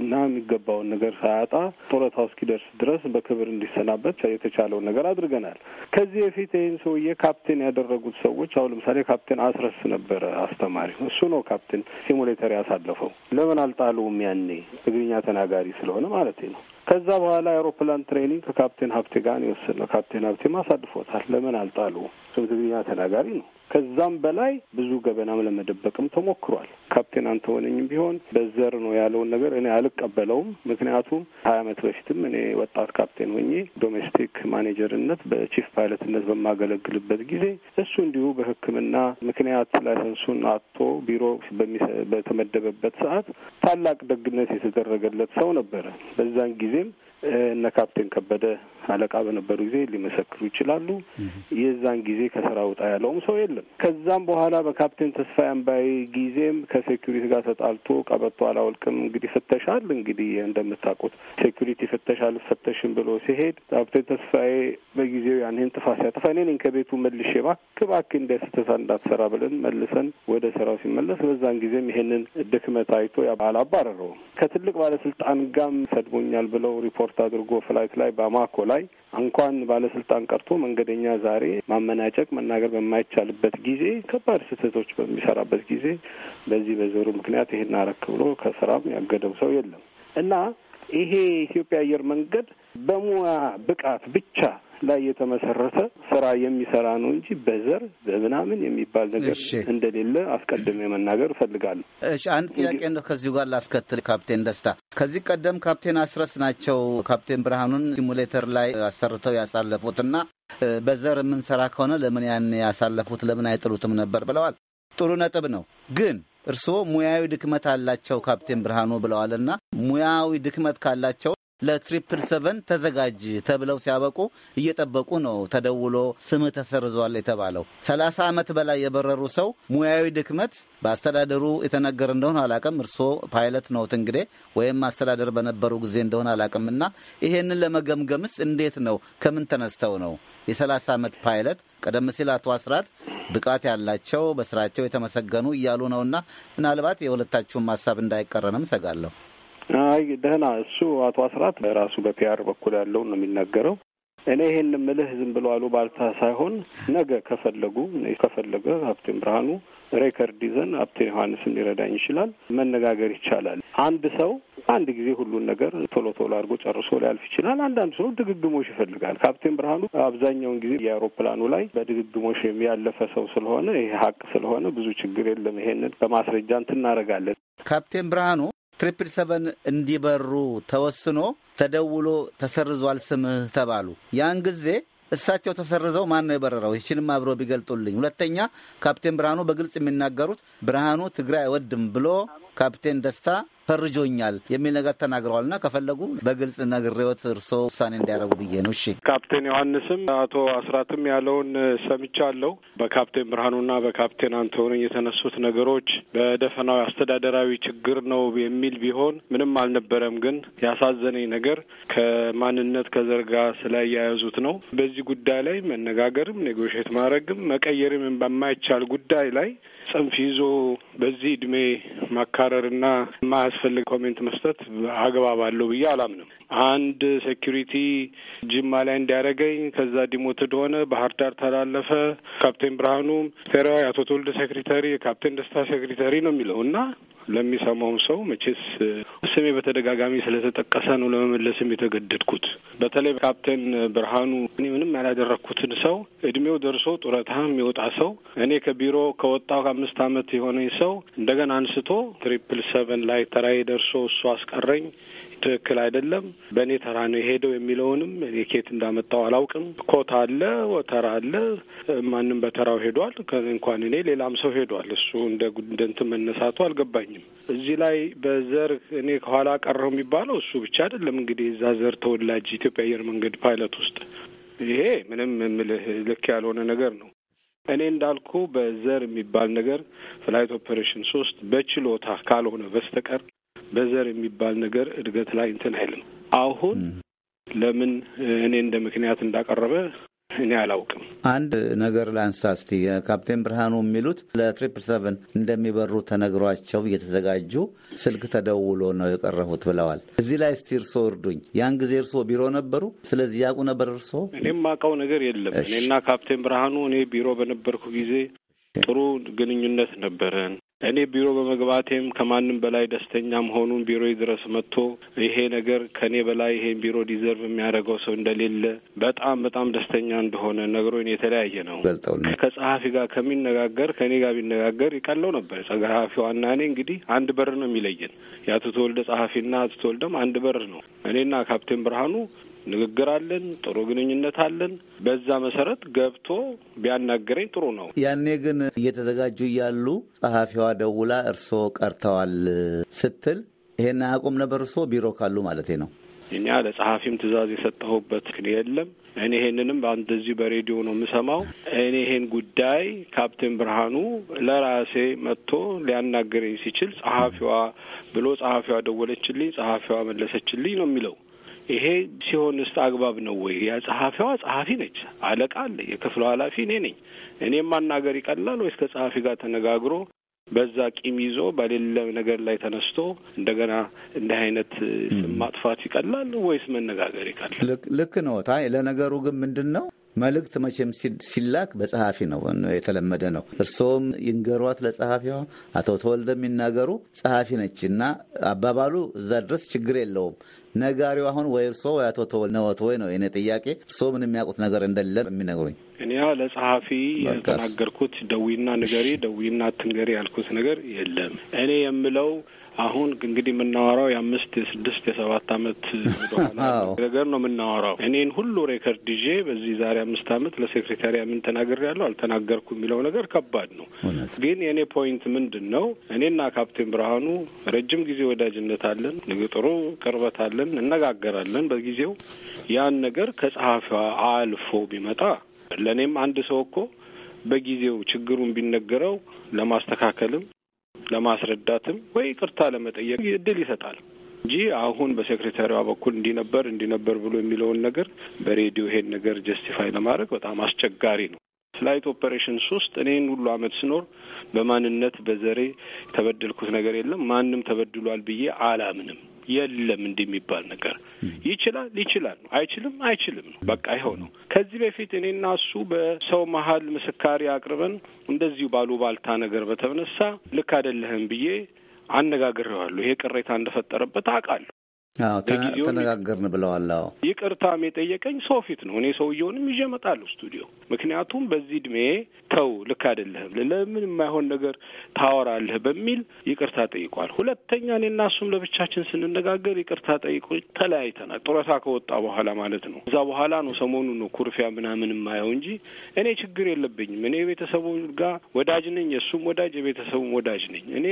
እና የሚገባውን ነገር ሳያጣ ጡረታው እስኪደርስ ድረስ በክብር እንዲሰናበት የተቻለውን ነገር አድርገናል። ከዚህ በፊት ይህን ሰውዬ ካፕቴን ያደረጉት ሰዎች አሁን ለምሳሌ ካፕቴን አስረስ ነበረ አስተማሪ። እሱ ነው ካፕቴን ሲሙሌተር ያሳለፈው። ለምን አልጣሉም? ያኔ ትግርኛ ተናጋሪ ስለሆነ ማለት ነው። ከዛ በኋላ የአውሮፕላን ትሬኒንግ ከካፕቴን ሀብቴ ጋር ነው የወሰድነው። ካፕቴን ሀብቴ ማሳድፎታል። ለምን አልጣሉ? ስምትግኛ ተናጋሪ ነው። ከዛም በላይ ብዙ ገበናም ለመደበቅም ተሞክሯል። ካፕቴን አንተወነኝም ቢሆን በዘር ነው ያለውን ነገር እኔ አልቀበለውም። ምክንያቱም ሀያ ዓመት በፊትም እኔ ወጣት ካፕቴን ሆኜ ዶሜስቲክ ማኔጀርነት በቺፍ ፓይለትነት በማገለግልበት ጊዜ እሱ እንዲሁ በሕክምና ምክንያት ላይሰንሱን አጥቶ ቢሮ በተመደበበት ሰዓት ታላቅ ደግነት የተደረገለት ሰው ነበረ። በዛን ጊዜም እነ ካፕቴን ከበደ አለቃ በነበሩ ጊዜ ሊመሰክሩ ይችላሉ። የዛን ጊዜ ከስራ ውጣ ያለውም ሰው የለም። ከዛም በኋላ በካፕቴን ተስፋ አምባዬ ጊዜም ከሴኩሪቲ ጋር ተጣልቶ ቀበቶ አላወልቅም እንግዲህ ፍተሻል እንግዲህ እንደምታውቁት ሴኩሪቲ ፍተሻ ፈተሽም ብሎ ሲሄድ ካፕቴን ተስፋዬ በጊዜው ያንን ጥፋ ሲያጠፋ እኔ ነኝ ከቤቱ መልሼ እባክህ እባክህ እንዳያስተሳ እንዳትሰራ ብለን መልሰን ወደ ስራው ሲመለስ በዛን ጊዜም ይሄንን ድክመት አይቶ አላባረረውም። ከትልቅ ባለስልጣን ጋም ሰድቦኛል ብለው ሪፖርት ፖስት አድርጎ ፍላይት ላይ ባማኮ ላይ እንኳን ባለስልጣን ቀርቶ መንገደኛ ዛሬ ማመናጨቅ መናገር በማይቻልበት ጊዜ ከባድ ስህተቶች በሚሰራበት ጊዜ በዚህ በዘሩ ምክንያት ይሄን አረክ ብሎ ከስራም ያገደው ሰው የለም እና ይሄ የኢትዮጵያ አየር መንገድ በሙያ ብቃት ብቻ ላይ የተመሰረተ ስራ የሚሰራ ነው እንጂ በዘር በምናምን የሚባል ነገር እንደሌለ አስቀድሜ መናገር እፈልጋለሁ። እሺ፣ አንድ ጥያቄ ነው ከዚሁ ጋር ላስከትል። ካፕቴን ደስታ ከዚህ ቀደም ካፕቴን አስረስ ናቸው ካፕቴን ብርሃኑን ሲሙሌተር ላይ አሰርተው ያሳለፉትና በዘር የምንሰራ ከሆነ ለምን ያን ያሳለፉት ለምን አይጥሉትም ነበር ብለዋል። ጥሩ ነጥብ ነው ግን እርስዎ ሙያዊ ድክመት አላቸው ካፕቴን ብርሃኑ ብለዋልና ሙያዊ ድክመት ካላቸው ለትሪፕል ሰቨን ተዘጋጅ ተብለው ሲያበቁ እየጠበቁ ነው ተደውሎ ስም ተሰርዟል የተባለው። ሰላሳ ዓመት በላይ የበረሩ ሰው ሙያዊ ድክመት በአስተዳደሩ የተነገረ እንደሆነ አላቅም። እርስዎ ፓይለት ነዎት እንግዲህ ወይም አስተዳደር በነበሩ ጊዜ እንደሆነ አላቅም እና ይሄንን ለመገምገምስ እንዴት ነው? ከምን ተነስተው ነው የሰላሳ ዓመት ፓይለት? ቀደም ሲል አቶ አስራት ብቃት ያላቸው በስራቸው የተመሰገኑ እያሉ ነውና ምናልባት የሁለታችሁን ሀሳብ እንዳይቀረንም ሰጋለሁ። አይ ደህና። እሱ አቶ አስራት ራሱ በፒያር በኩል ያለውን ነው የሚናገረው። እኔ ይሄን ምልህ ዝም ብሎ ባልታ ሳይሆን ነገ ከፈለጉ ከፈለገ ሀብቴን ብርሃኑ ሬከርድ ይዘን ሀብቴን ዮሐንስን ሊረዳኝ ይችላል፣ መነጋገር ይቻላል። አንድ ሰው አንድ ጊዜ ሁሉን ነገር ቶሎ ቶሎ አድርጎ ጨርሶ ሊያልፍ ይችላል። አንዳንድ ሰው ድግግሞሽ ይፈልጋል። ካፕቴን ብርሃኑ አብዛኛውን ጊዜ የአውሮፕላኑ ላይ በድግግሞሽ የሚያለፈ ሰው ስለሆነ ይሄ ሀቅ ስለሆነ ብዙ ችግር የለም። ይሄንን በማስረጃ እንትን እናደርጋለን። ካፕቴን ብርሃኑ ትሪፕል ሰቨን እንዲበሩ ተወስኖ ተደውሎ ተሰርዟል ስምህ ተባሉ። ያን ጊዜ እሳቸው ተሰርዘው ማን ነው የበረረው? ይችንም አብሮ ቢገልጡልኝ። ሁለተኛ ካፕቴን ብርሃኑ በግልጽ የሚናገሩት ብርሃኑ ትግራይ አይወድም ብሎ ካፕቴን ደስታ ፈርጆኛል የሚል ነገር ተናግረዋል። እና ከፈለጉ በግልጽ ነግሬዎት እርስዎ ውሳኔ እንዲያደርጉ ብዬ ነው። እሺ ካፕቴን ዮሐንስም አቶ አስራትም ያለውን ሰምቻለሁ። በካፕቴን ብርሃኑና በካፕቴን አንቶኒ የተነሱት ነገሮች በደፈናዊ አስተዳደራዊ ችግር ነው የሚል ቢሆን ምንም አልነበረም። ግን ያሳዘነኝ ነገር ከማንነት ከዘር ጋር ነው። በዚህ ጉዳይ ላይ መነጋገርም ኔጎሽት ማድረግም መቀየርም በማይቻል ጉዳይ ላይ ጽንፍ ይዞ በዚህ እድሜ ማካረርና ማ የሚያስፈልግ ኮሜንት መስጠት አግባብ አለው ብዬ አላምንም። አንድ ሴኪሪቲ ጅማ ላይ እንዲያደረገኝ ከዛ ዲሞትድ ሆነ፣ ባህር ዳር ተላለፈ። ካፕቴን ብርሃኑ ሴራ የአቶ ትውልድ ሴክሬታሪ የካፕቴን ደስታ ሴክሬታሪ ነው የሚለው እና ለሚሰማውም ሰው መቼስ ስሜ በተደጋጋሚ ስለተጠቀሰ ነው ለመመለስም የተገደድኩት። በተለይ ካፕቴን ብርሃኑ እኔ ምንም ያላደረግኩትን ሰው እድሜው ደርሶ ጡረታ የሚወጣ ሰው እኔ ከቢሮ ከወጣው ከአምስት ዓመት የሆነኝ ሰው እንደገና አንስቶ ትሪፕል ሰቨን ላይ ተራዬ ደርሶ እሱ አስቀረኝ ትክክል አይደለም፣ በእኔ ተራ ነው የሄደው የሚለውንም እኔ ኬት እንዳመጣው አላውቅም። ኮታ አለ፣ ወተራ አለ። ማንም በተራው ሄዷል፣ እንኳን እኔ ሌላም ሰው ሄዷል። እሱ እንደ ጉደንት መነሳቱ አልገባኝም። እዚህ ላይ በዘር እኔ ከኋላ ቀረው የሚባለው እሱ ብቻ አይደለም። እንግዲህ እዛ ዘር ተወላጅ ኢትዮጵያ አየር መንገድ ፓይለት ውስጥ ይሄ ምንም የምልህ ልክ ያልሆነ ነገር ነው። እኔ እንዳልኩ በዘር የሚባል ነገር ፍላይት ኦፐሬሽንስ ሶስት በችሎታ ካልሆነ በስተቀር በዘር የሚባል ነገር እድገት ላይ እንትን አይልም። አሁን ለምን እኔ እንደ ምክንያት እንዳቀረበ እኔ አላውቅም። አንድ ነገር ላንሳ እስቲ። ካፕቴን ብርሃኑ የሚሉት ለትሪፕል ሰቨን እንደሚበሩ ተነግሯቸው እየተዘጋጁ ስልክ ተደውሎ ነው የቀረቡት ብለዋል። እዚህ ላይ እስቲ እርሶ እርዱኝ። ያን ጊዜ እርሶ ቢሮ ነበሩ፣ ስለዚህ ያውቁ ነበር እርሶ? እኔም አውቀው ነገር የለም። እኔና ካፕቴን ብርሃኑ እኔ ቢሮ በነበርኩ ጊዜ ጥሩ ግንኙነት ነበረን። እኔ ቢሮ በመግባቴም ከማንም በላይ ደስተኛ መሆኑን ቢሮ ድረስ መጥቶ ይሄ ነገር ከእኔ በላይ ይሄን ቢሮ ዲዘርቭ የሚያደርገው ሰው እንደሌለ በጣም በጣም ደስተኛ እንደሆነ ነግሮኝ የተለያየ ነው። ከጸሐፊ ጋር ከሚነጋገር ከእኔ ጋር ቢነጋገር ይቀለው ነበር። ጸሐፊዋና እኔ እንግዲህ አንድ በር ነው የሚለየን። የአቶ ተወልደ ጸሐፊና አቶ ተወልደም አንድ በር ነው። እኔና ካፕቴን ብርሃኑ ንግግር አለን፣ ጥሩ ግንኙነት አለን። በዛ መሰረት ገብቶ ቢያናገረኝ ጥሩ ነው። ያኔ ግን እየተዘጋጁ እያሉ ጸሐፊዋ ደውላ እርሶ ቀርተዋል ስትል ይሄን አያውቁም ነበር? እርሶ ቢሮ ካሉ ማለት ነው። እኛ ለጸሐፊም ትእዛዝ የሰጠሁበት የለም። እኔ ይሄንንም በአንደዚህ በሬዲዮ ነው የምሰማው። እኔ ይሄን ጉዳይ ካፕቴን ብርሃኑ ለራሴ መጥቶ ሊያናገረኝ ሲችል ጸሐፊዋ ብሎ ጸሐፊዋ ደወለችልኝ፣ ጸሐፊዋ መለሰችልኝ ነው የሚለው ይሄ ሲሆን ውስጥ አግባብ ነው ወይ? ያ ጸሐፊዋ ጸሐፊ ነች፣ አለቃ አለ፣ የክፍሉ ኃላፊ እኔ ነኝ። እኔም ማናገር ይቀላል ወይስ ከጸሐፊ ጋር ተነጋግሮ በዛ ቂም ይዞ በሌለ ነገር ላይ ተነስቶ እንደገና እንዲህ አይነት ስም ማጥፋት ይቀላል ወይስ መነጋገር ይቀላል? ልክ ነው ታይ። ለነገሩ ግን ምንድን ነው መልእክት መቼም ሲላክ በጸሐፊ ነው የተለመደ ነው። እርስዎም ይንገሯት ለጸሐፊዋ፣ አቶ ተወልደ የሚናገሩ ጸሐፊ ነች እና አባባሉ እዛ ድረስ ችግር የለውም። ነጋሪው አሁን ወይ እርስዎ ወይ አቶ ተወልደ ነዎት ወይ ነው የእኔ ጥያቄ። እርስዎ ምን የሚያውቁት ነገር እንደሌለ የሚነግሩኝ። እኔ ለጸሐፊ የተናገርኩት ደዊና ንገሪ፣ ደዊና ትንገሪ ያልኩት ነገር የለም። እኔ የምለው አሁን እንግዲህ የምናወራው የአምስት የስድስት የሰባት አመት ወደኋላ ነገር ነው የምናወራው። እኔን ሁሉ ሬከርድ ይዤ በዚህ ዛሬ አምስት አመት ለሴክሬታሪ ምን ተናገር ያለው አልተናገርኩ የሚለው ነገር ከባድ ነው። ግን የእኔ ፖይንት ምንድን ነው? እኔና ካፕቴን ብርሃኑ ረጅም ጊዜ ወዳጅነት አለን፣ ጥሩ ቅርበት አለን፣ እነጋገራለን በጊዜው ያን ነገር ከጸሐፊዋ አልፎ ቢመጣ ለእኔም አንድ ሰው እኮ በጊዜው ችግሩን ቢነገረው ለማስተካከልም ለማስረዳትም ወይ ይቅርታ ለመጠየቅ እድል ይሰጣል እንጂ አሁን በሴክሬታሪዋ በኩል እንዲነበር እንዲነበር ብሎ የሚለውን ነገር በሬዲዮ ይሄን ነገር ጀስቲፋይ ለማድረግ በጣም አስቸጋሪ ነው። ስላይት ኦፐሬሽን ሶስት እኔን ሁሉ አመት ስኖር በማንነት በዘሬ የተበደልኩት ነገር የለም። ማንም ተበድሏል ብዬ አላምንም። የለም እንደሚባል ነገር ይችላል ይችላል ነው አይችልም አይችልም ነው በቃ ይኸው ነው። ከዚህ በፊት እኔና እሱ በሰው መሀል ምስካሪ አቅርበን እንደዚሁ ባሉ ባልታ ነገር በተነሳ ልክ አይደለህም ብዬ አነጋግሬዋለሁ። ይሄ ቅሬታ እንደፈጠረበት አውቃለሁ። ተነጋገርን ብለዋል። ይቅርታም የጠየቀኝ ሰው ፊት ነው። እኔ ሰውየውንም ይዤ እመጣለሁ ስቱዲዮ። ምክንያቱም በዚህ እድሜ ተው፣ ልክ አይደለህም፣ ለምን የማይሆን ነገር ታወራለህ በሚል ይቅርታ ጠይቋል። ሁለተኛ እኔና እሱም ለብቻችን ስንነጋገር ይቅርታ ጠይቆ ተለያይተናል። ጡረታ ከወጣ በኋላ ማለት ነው። እዛ በኋላ ነው ሰሞኑን ነው ኩርፊያ ምናምን የማየው እንጂ እኔ ችግር የለብኝም። እኔ የቤተሰቡ ጋር ወዳጅ ነኝ፣ የእሱም ወዳጅ የቤተሰቡም ወዳጅ ነኝ። እኔ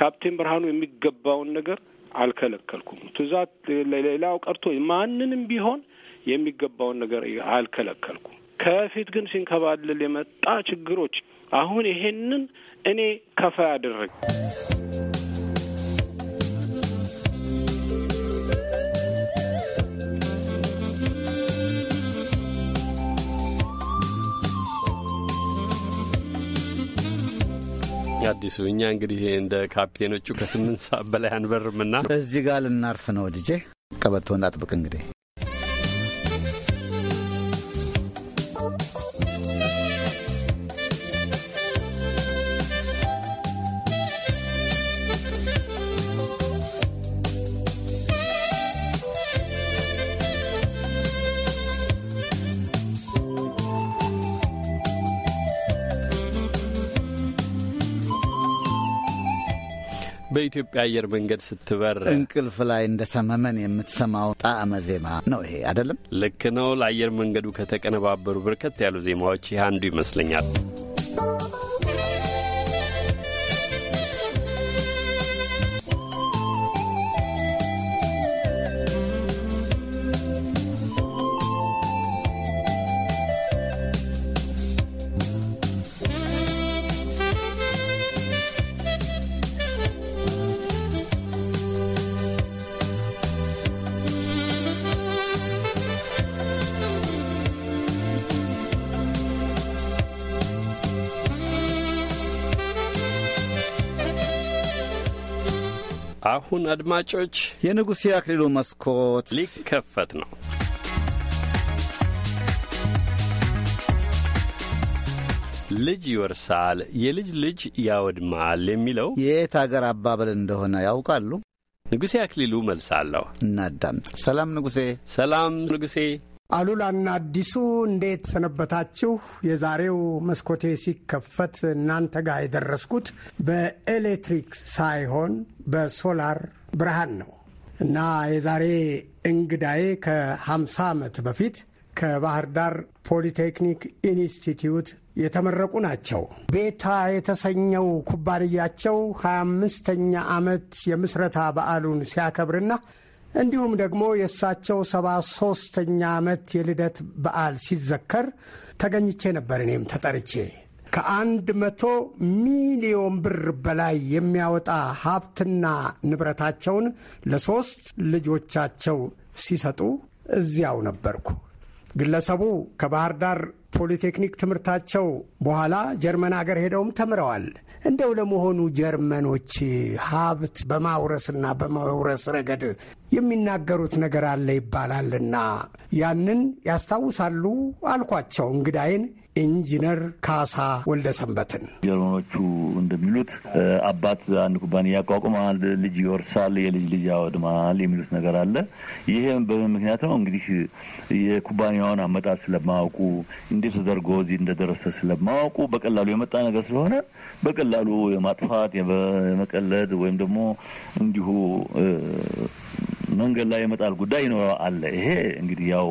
ካፕቴን ብርሃኑ የሚገባውን ነገር አልከለከልኩም። ትእዛዝ ለሌላው ቀርቶ ማንንም ቢሆን የሚገባውን ነገር አልከለከልኩም። ከፊት ግን ሲንከባልል የመጣ ችግሮች አሁን ይሄንን እኔ ከፋ ያደረግ አዲሱ እኛ እንግዲህ እንደ ካፕቴኖቹ ከስምንት ሰዓት በላይ አንበርምና እዚህ ጋር ልናርፍ ነው። ልጄ ቀበቶ እንዳጥብቅ እንግዲህ የኢትዮጵያ አየር መንገድ ስትበር እንቅልፍ ላይ እንደ ሰመመን የምትሰማው ጣዕመ ዜማ ነው ይሄ አይደለም? ልክ ነው። ለአየር መንገዱ ከተቀነባበሩ በርከት ያሉ ዜማዎች ይህ አንዱ ይመስለኛል። አሁን አድማጮች የንጉሴ አክሊሉ መስኮት ሊከፈት ነው። ልጅ ይወርሳል፣ የልጅ ልጅ ያወድማል የሚለው የየት አገር አባበል እንደሆነ ያውቃሉ? ንጉሴ አክሊሉ መልሳለሁ። እናዳምጥ። ሰላም ንጉሴ። ሰላም ንጉሴ። አሉላና አዲሱ እንዴት ሰነበታችሁ? የዛሬው መስኮቴ ሲከፈት እናንተ ጋር የደረስኩት በኤሌክትሪክ ሳይሆን በሶላር ብርሃን ነው እና የዛሬ እንግዳዬ ከ50 ዓመት በፊት ከባህር ዳር ፖሊቴክኒክ ኢንስቲትዩት የተመረቁ ናቸው። ቤታ የተሰኘው ኩባንያቸው 25ኛ ዓመት የምስረታ በዓሉን ሲያከብርና እንዲሁም ደግሞ የእሳቸው ሰባ ሶስተኛ ዓመት የልደት በዓል ሲዘከር ተገኝቼ ነበር። እኔም ተጠርቼ ከአንድ መቶ ሚሊዮን ብር በላይ የሚያወጣ ሀብትና ንብረታቸውን ለሦስት ልጆቻቸው ሲሰጡ እዚያው ነበርኩ። ግለሰቡ ከባህር ዳር ፖሊቴክኒክ ትምህርታቸው በኋላ ጀርመን ሀገር ሄደውም ተምረዋል። እንደው ለመሆኑ ጀርመኖች ሀብት በማውረስና በመውረስ ረገድ የሚናገሩት ነገር አለ ይባላልና ያንን ያስታውሳሉ አልኳቸው እንግዳይን ኢንጂነር ካሳ ወልደ ሰንበትን። ጀርመኖቹ እንደሚሉት አባት አንድ ኩባንያ ያቋቁማል፣ ልጅ ይወርሳል፣ የልጅ ልጅ ያወድማል የሚሉት ነገር አለ። ይህም በምን ምክንያት ነው? እንግዲህ የኩባንያውን አመጣት ስለማያውቁ እንዴት ተደርጎ እዚህ እንደደረሰ ስለማወቁ በቀላሉ የመጣ ነገር ስለሆነ በቀላሉ የማጥፋት የመቀለድ ወይም ደግሞ እንዲሁ መንገድ ላይ የመጣል ጉዳይ ይኖረ አለ። ይሄ እንግዲህ ያው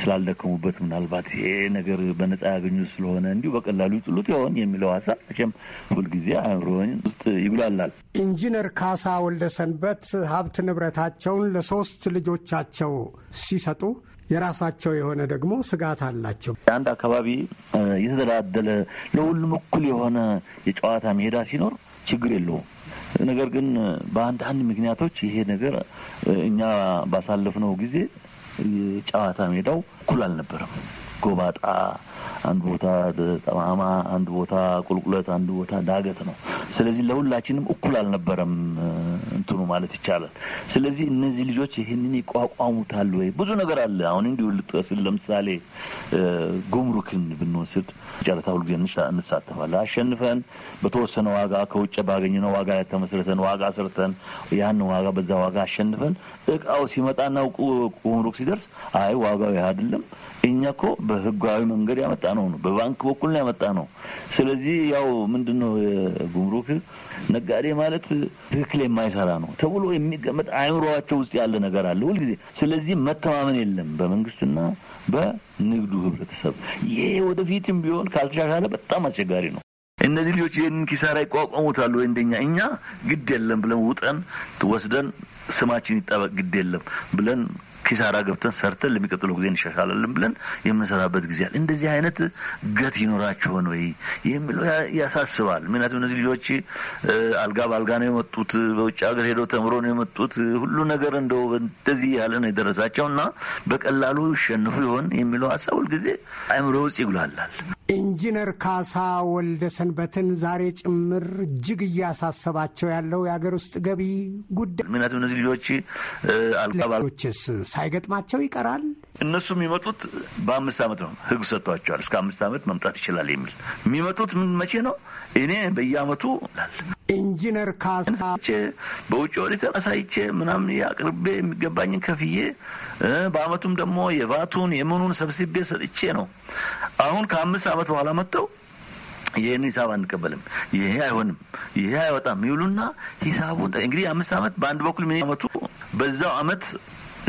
ስላልደከሙበት ምናልባት ይሄ ነገር በነጻ ያገኙ ስለሆነ እንዲሁ በቀላሉ ይጥሉት ይሆን የሚለው ሀሳብ መቼም ሁልጊዜ አእምሮኝ ውስጥ ይብላላል። ኢንጂነር ካሳ ወልደ ሰንበት ሀብት ንብረታቸውን ለሶስት ልጆቻቸው ሲሰጡ የራሳቸው የሆነ ደግሞ ስጋት አላቸው። አንድ አካባቢ የተደላደለ ለሁሉም እኩል የሆነ የጨዋታ ሜዳ ሲኖር ችግር የለውም። ነገር ግን በአንዳንድ ምክንያቶች ይሄ ነገር እኛ ባሳለፍነው ጊዜ የጨዋታ ሜዳው እኩል አልነበረም። ጎባጣ፣ አንድ ቦታ ጠማማ፣ አንድ ቦታ ቁልቁለት፣ አንድ ቦታ ዳገት ነው። ስለዚህ ለሁላችንም እኩል አልነበረም እንትኑ ማለት ይቻላል። ስለዚህ እነዚህ ልጆች ይህንን ይቋቋሙታል ወይ? ብዙ ነገር አለ። አሁን እንዲሁ ልጥቀስል። ለምሳሌ ጉምሩክን ብንወስድ ጨረታ ሁልጊዜ እንሳተፋለን። አሸንፈን በተወሰነ ዋጋ ከውጭ ባገኘነው ዋጋ ተመስርተን ዋጋ ስርተን ያን ዋጋ በዛ ዋጋ አሸንፈን እቃው ሲመጣና ጉምሩክ ሲደርስ አይ ዋጋው ይህ አይደለም እኛ እኮ በህጋዊ መንገድ ያመጣ ነው ነው በባንክ በኩል ነው ያመጣ ነው። ስለዚህ ያው ምንድን ነው የጉምሩክ ነጋዴ ማለት ትክክል የማይሰራ ነው ተብሎ የሚገመጥ አእምሮዋቸው ውስጥ ያለ ነገር አለ ሁልጊዜ። ስለዚህ መተማመን የለም በመንግስትና በንግዱ ህብረተሰብ። ይሄ ወደፊትም ቢሆን ካልተሻሻለ በጣም አስቸጋሪ ነው። እነዚህ ልጆች ይህንን ኪሳራ ይቋቋሙታሉ ወይ? እንደኛ እኛ ግድ የለም ብለን ውጠን ወስደን ስማችን ይጠበቅ ግድ የለም ብለን ኪሳራ ገብተን ሰርተን ለሚቀጥለው ጊዜ እንሻሻላለን ብለን የምንሰራበት ጊዜ አለ። እንደዚህ አይነት ገት ይኖራቸውን ወይ የሚለው ያሳስባል። ምክንያቱም እነዚህ ልጆች አልጋ በአልጋ ነው የመጡት። በውጭ ሀገር ሄደው ተምሮ ነው የመጡት። ሁሉ ነገር እንደው እንደዚህ ያለ ነው የደረሳቸው እና በቀላሉ ይሸንፉ ይሆን የሚለው ሀሳብ ሁልጊዜ አእምሮ ውስጥ ይጉላላል። ኢንጂነር ካሳ ወልደ ሰንበትን ዛሬ ጭምር እጅግ እያሳሰባቸው ያለው የሀገር ውስጥ ገቢ ጉዳይ ምክንያቱም እነዚህ ልጆች አልጋ ሳይገጥማቸው ይቀራል። እነሱ የሚመጡት በአምስት ዓመት ነው ህግ ሰጥቷቸዋል። እስከ አምስት ዓመት መምጣት ይችላል የሚል የሚመጡት ምን መቼ ነው? እኔ በየአመቱ ላል ኢንጂነር ካሳ በውጭ ወደ ተመሳይቼ ምናምን አቅርቤ የሚገባኝን ከፍዬ በአመቱም ደግሞ የቫቱን የምኑን ሰብስቤ ሰጥቼ ነው። አሁን ከአምስት ዓመት በኋላ መጥተው ይህን ሂሳብ አንቀበልም፣ ይሄ አይሆንም፣ ይሄ አይወጣም ይውሉና ሂሳቡን እንግዲህ አምስት ዓመት በአንድ በኩል ምን አመቱ በዛው አመት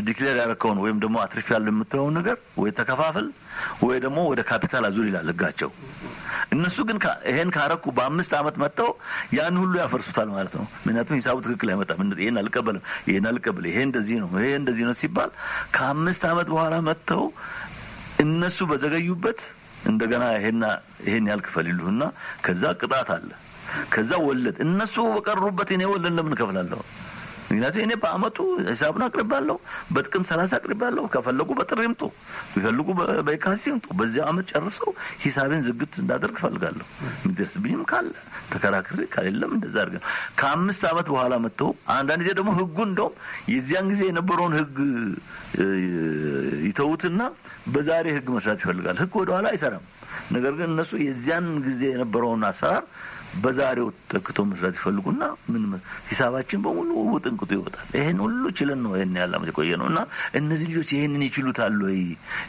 ዲክሌር ያደረከውን ወይም ደግሞ አትሪፍ ያለው የምትለውን ነገር ወይ ተከፋፍል ወይ ደግሞ ወደ ካፒታል አዙር ይላል ህጋቸው። እነሱ ግን ይሄን ካረኩ በአምስት ዓመት መጥተው ያን ሁሉ ያፈርሱታል ማለት ነው። ምክንያቱም ሂሳቡ ትክክል አይመጣም። ይሄን አልቀበልም፣ ይሄን አልቀበል፣ ይሄ እንደዚህ ነው፣ ይሄ እንደዚህ ነው ሲባል ከአምስት ዓመት በኋላ መጥተው እነሱ በዘገዩበት እንደገና ይሄና ይሄን ያልክፈል ክፈል ይሉህና ከዛ ቅጣት አለ፣ ከዛ ወለድ። እነሱ በቀሩበት እኔ ወለድ ለምን እከፍላለሁ? ምክንያቱም እኔ በአመቱ ሂሳቡን አቅርባለሁ፣ በጥቅም ሰላሳ አቅርባለሁ። ከፈለጉ በጥር ይምጡ፣ ቢፈልጉ በየካቲት ይምጡ። በዚያ አመት ጨርሰው ሂሳቤን ዝግት እንዳደርግ እፈልጋለሁ። የሚደርስብኝም ካለ ተከራክሬ ከሌለም እንደዛ አድርገ ከአምስት አመት በኋላ መጥተው አንዳንድ ጊዜ ደግሞ ህጉ እንደውም የዚያን ጊዜ የነበረውን ህግ ይተዉትና በዛሬ ህግ መስራት ይፈልጋል። ህግ ወደኋላ አይሰራም። ነገር ግን እነሱ የዚያን ጊዜ የነበረውን አሰራር በዛሬው ተክቶ መስራት ይፈልጉና ምን ሂሳባችን በሙሉ ውጥንቅጡ ይወጣል። ይህን ሁሉ ችለን ነው ይህን ያለ ዓመት የቆየ ነው እና እነዚህ ልጆች ይህንን ይችሉታል ወይ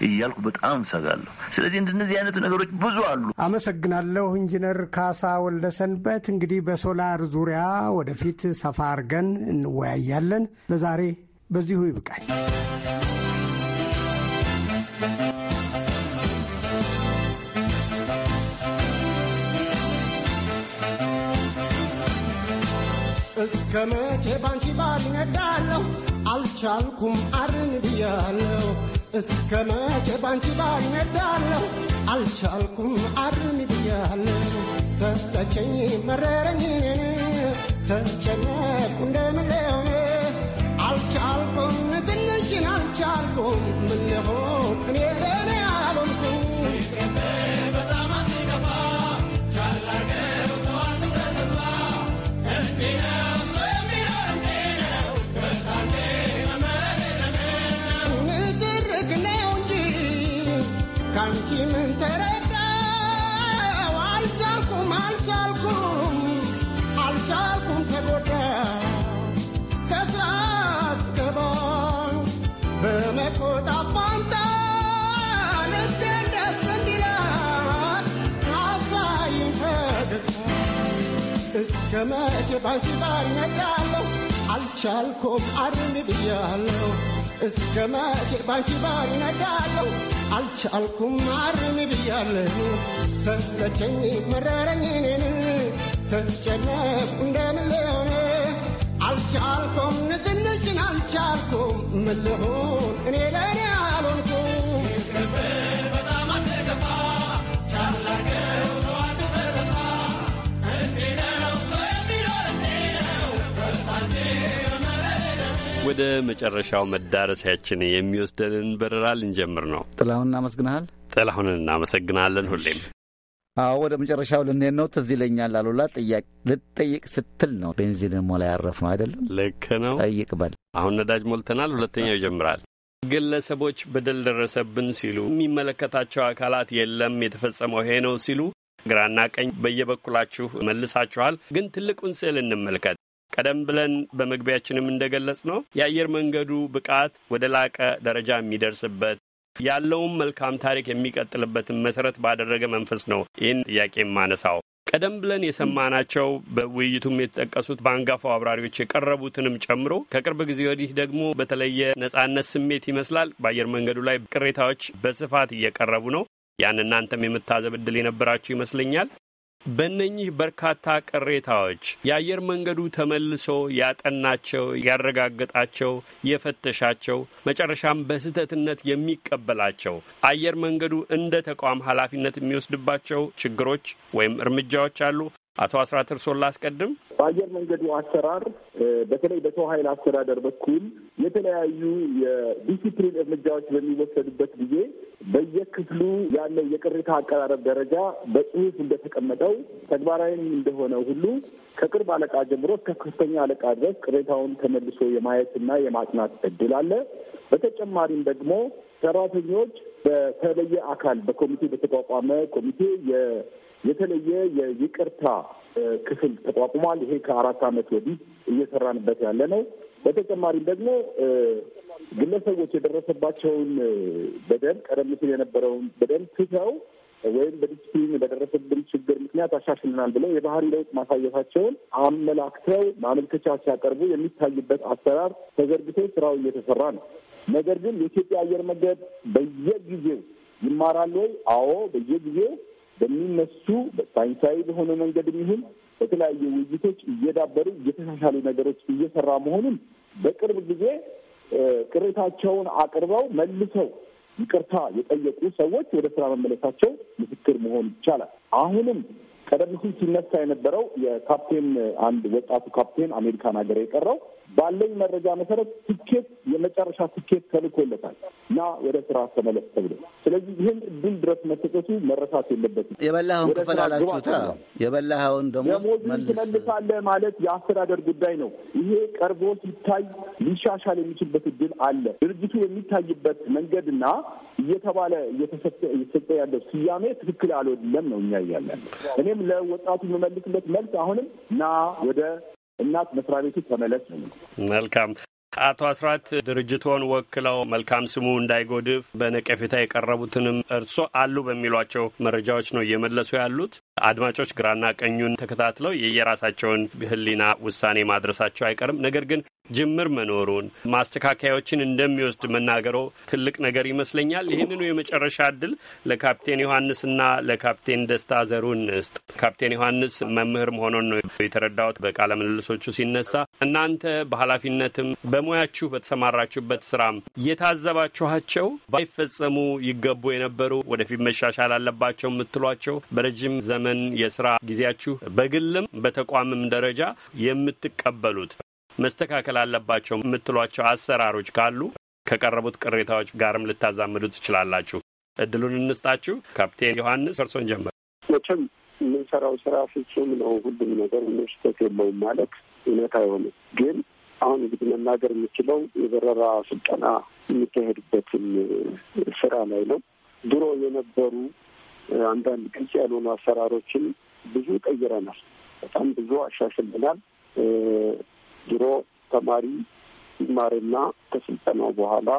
እያልኩ በጣም ሰጋለሁ። ስለዚህ እንደነዚህ አይነቱ ነገሮች ብዙ አሉ። አመሰግናለሁ። ኢንጂነር ካሳ ወልደሰንበት። እንግዲህ በሶላር ዙሪያ ወደፊት ሰፋ አድርገን እንወያያለን። ለዛሬ በዚሁ ይብቃል። እስከ መቼ ባንቺ ባል አልቻልኩም አርን ብያለሁ እስከ መቼ ባንቺ ባል ነዳለሁ አልቻልኩም አርን ብያለሁ ሰጠችኝ መረረኝ ተጨነኩ እንደምለሆነ አልቻልኩም ትንሽን አልቻልኩም ምንሆን እኔ ለኔ አልሆንኩም አንቺ ምን ተረዳው? አልቻልኩም አልቻልኩም አልቻልኩም ተጎዳው ከስራ ስገባ በመቆጣ ፋንታ ልቤ ደስ እንዲላት አሳይን ፈገግታ እስከ መቼ ባንቺ ጋር ይነቃለሁ? አልቻልኩም አርም ብያለሁ እስከ መቼ ባንቺ ባሪ ነጋለሁ አልቻልኩም ማርም ብያለሁ ሰለቸኝ መረረኝ እኔን ተጨነቅኩ እንደምን ለሆነ አልቻልኩም ንዝንሽን አልቻልኩም ምን ወደ መጨረሻው መዳረሻችን የሚወስደንን በረራ ልንጀምር ነው። ጥላሁን እናመስግናል። ጥላሁን እናመሰግናለን ሁሌም አዎ ወደ መጨረሻው ልንሄድ ነው። ትዝ ይለኛል አሉላ ጥያቄ ልጠይቅ ስትል ነው ቤንዚን ሞላ ያረፍ ነው አይደለም? ልክ ነው። ጠይቅ በል። አሁን ነዳጅ ሞልተናል። ሁለተኛው ይጀምራል። ግለሰቦች በደል ደረሰብን ሲሉ የሚመለከታቸው አካላት የለም የተፈጸመው ይሄ ነው ሲሉ ግራና ቀኝ በየበኩላችሁ መልሳችኋል። ግን ትልቁን ስዕል እንመልከት። ቀደም ብለን በመግቢያችንም እንደገለጽ ነው የአየር መንገዱ ብቃት ወደ ላቀ ደረጃ የሚደርስበት ያለውን መልካም ታሪክ የሚቀጥልበትን መሰረት ባደረገ መንፈስ ነው ይህን ጥያቄ የማነሳው። ቀደም ብለን የሰማናቸው በውይይቱም የተጠቀሱት በአንጋፋው አብራሪዎች የቀረቡትንም ጨምሮ ከቅርብ ጊዜ ወዲህ ደግሞ በተለየ ነጻነት ስሜት ይመስላል በአየር መንገዱ ላይ ቅሬታዎች በስፋት እየቀረቡ ነው። ያን እናንተም የመታዘብ የነበራችሁ ይመስለኛል። በእነኚህ በርካታ ቅሬታዎች የአየር መንገዱ ተመልሶ ያጠናቸው፣ ያረጋገጣቸው፣ የፈተሻቸው መጨረሻም በስህተትነት የሚቀበላቸው አየር መንገዱ እንደ ተቋም ኃላፊነት የሚወስድባቸው ችግሮች ወይም እርምጃዎች አሉ። አቶ አስራት እርስዎን ላስቀድም። በአየር መንገዱ አሰራር በተለይ በሰው ኃይል አስተዳደር በኩል የተለያዩ የዲሲፕሊን እርምጃዎች በሚወሰዱበት ጊዜ በየክፍሉ ያለው የቅሬታ አቀራረብ ደረጃ በጽሁፍ እንደተቀመጠው ተግባራዊም እንደሆነ ሁሉ ከቅርብ አለቃ ጀምሮ እስከ ከፍተኛ አለቃ ድረስ ቅሬታውን ተመልሶ የማየትና የማጥናት እድል አለ። በተጨማሪም ደግሞ ሰራተኞች በተለየ አካል በኮሚቴ በተቋቋመ ኮሚቴ የተለየ የይቅርታ ክፍል ተቋቁሟል። ይሄ ከአራት ዓመት ወዲህ እየሰራንበት ያለ ነው። በተጨማሪም ደግሞ ግለሰቦች የደረሰባቸውን በደል ቀደም ሲል የነበረውን በደል ትተው ወይም በዲስፕሊን በደረሰብን ችግር ምክንያት አሻሽልናል ብለው የባህሪ ለውጥ ማሳየታቸውን አመላክተው ማመልከቻ ሲያቀርቡ የሚታይበት አሰራር ተዘርግቶ ስራው እየተሰራ ነው። ነገር ግን የኢትዮጵያ አየር መንገድ በየጊዜው ይማራል ወይ? አዎ፣ በየጊዜው በሚነሱ ሳይንሳዊ በሆነ መንገድ ይሁን በተለያዩ ውይይቶች እየዳበሩ እየተሻሻሉ ነገሮች እየሰራ መሆኑን በቅርብ ጊዜ ቅሬታቸውን አቅርበው መልሰው ይቅርታ የጠየቁ ሰዎች ወደ ስራ መመለሳቸው ምስክር መሆን ይቻላል። አሁንም ቀደም ሲል ሲነሳ የነበረው የካፕቴን አንድ ወጣቱ ካፕቴን አሜሪካን ሀገር የቀረው ባለኝ መረጃ መሰረት ትኬት የመጨረሻ ትኬት ተልኮለታል እና ወደ ስራ ተመለስ ተብሎ፣ ስለዚህ ይህን እድል ድረስ መሰጠቱ መረሳት የለበትም። የበላኸውን ክፈላላችሁታ የበላኸውን ደግሞ ትመልሳለህ ማለት የአስተዳደር ጉዳይ ነው። ይሄ ቀርቦ ሲታይ ሊሻሻል የሚችልበት እድል አለ። ድርጅቱ የሚታይበት መንገድና እየተባለ እየተሰጠ ያለው ስያሜ ትክክል አልወድለም ነው እኛ እያለን እኔም ለወጣቱ የምመልስበት መልስ አሁንም ና ወደ እናት መስሪያ ቤቱ ተመለስ ነው። መልካም አቶ አስራት ድርጅቶን ወክለው መልካም ስሙ እንዳይጎድፍ በነቀፌታ የቀረቡትንም እርሶ አሉ በሚሏቸው መረጃዎች ነው እየመለሱ ያሉት። አድማጮች ግራና ቀኙን ተከታትለው የየራሳቸውን ህሊና ውሳኔ ማድረሳቸው አይቀርም። ነገር ግን ጅምር መኖሩን ማስተካከያዎችን እንደሚወስድ መናገሮ ትልቅ ነገር ይመስለኛል። ይህንኑ የመጨረሻ እድል ለካፕቴን ዮሐንስና ለካፕቴን ደስታ ዘሩን ስጥ ካፕቴን ዮሐንስ መምህር መሆኑን ነው የተረዳሁት በቃለ ምልልሶቹ ሲነሳ። እናንተ በኃላፊነትም በሙያችሁ በተሰማራችሁበት ስራም የታዘባችኋቸው ባይፈጸሙ ይገቡ የነበሩ ወደፊት መሻሻል አለባቸው የምትሏቸው በረጅም ዘመን ዘመን የስራ ጊዜያችሁ በግልም በተቋምም ደረጃ የምትቀበሉት መስተካከል አለባቸው የምትሏቸው አሰራሮች ካሉ ከቀረቡት ቅሬታዎች ጋርም ልታዛምዱ ትችላላችሁ። እድሉን እንስጣችሁ። ካፕቴን ዮሐንስ እርሶን ጀምር። መቼም የምንሰራው ስራ ፍጹም ነው፣ ሁሉም ነገር ስህተት የለውም ማለት እውነት አይሆንም። ግን አሁን እንግዲህ መናገር የምችለው የበረራ ስልጠና የሚካሄድበትን ስራ ላይ ነው። ድሮ የነበሩ አንዳንድ ግልጽ ያልሆኑ አሰራሮችን ብዙ ቀይረናል። በጣም ብዙ አሻሽልናል። ድሮ ተማሪ ሲማርና ከስልጠናው በኋላ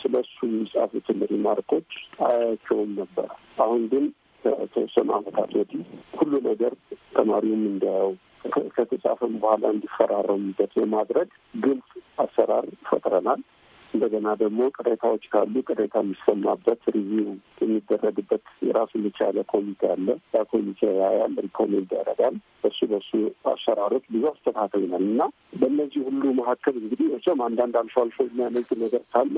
ስለ እሱ የሚጻፉትን ሪማርኮች አያቸውም ነበር። አሁን ግን ከተወሰኑ ዓመታት ወዲህ ሁሉ ነገር ተማሪውም እንዲያየው ከተጻፈም በኋላ እንዲፈራረሙበት የማድረግ ግልጽ አሰራር ፈጥረናል። እንደገና ደግሞ ቅሬታዎች ካሉ ቅሬታ የሚሰማበት ሪቪው የሚደረግበት የራሱ የቻለ ኮሚቴ አለ። ያ ኮሚቴ ያያል፣ ሪኮሜንድ ያደርጋል። በሱ በሱ አሰራሮች ብዙ አስተካክለናል እና በእነዚህ ሁሉ መካከል እንግዲህ መቼም አንዳንድ አልፎ አልፎ የሚያመልጥ ነገር ካለ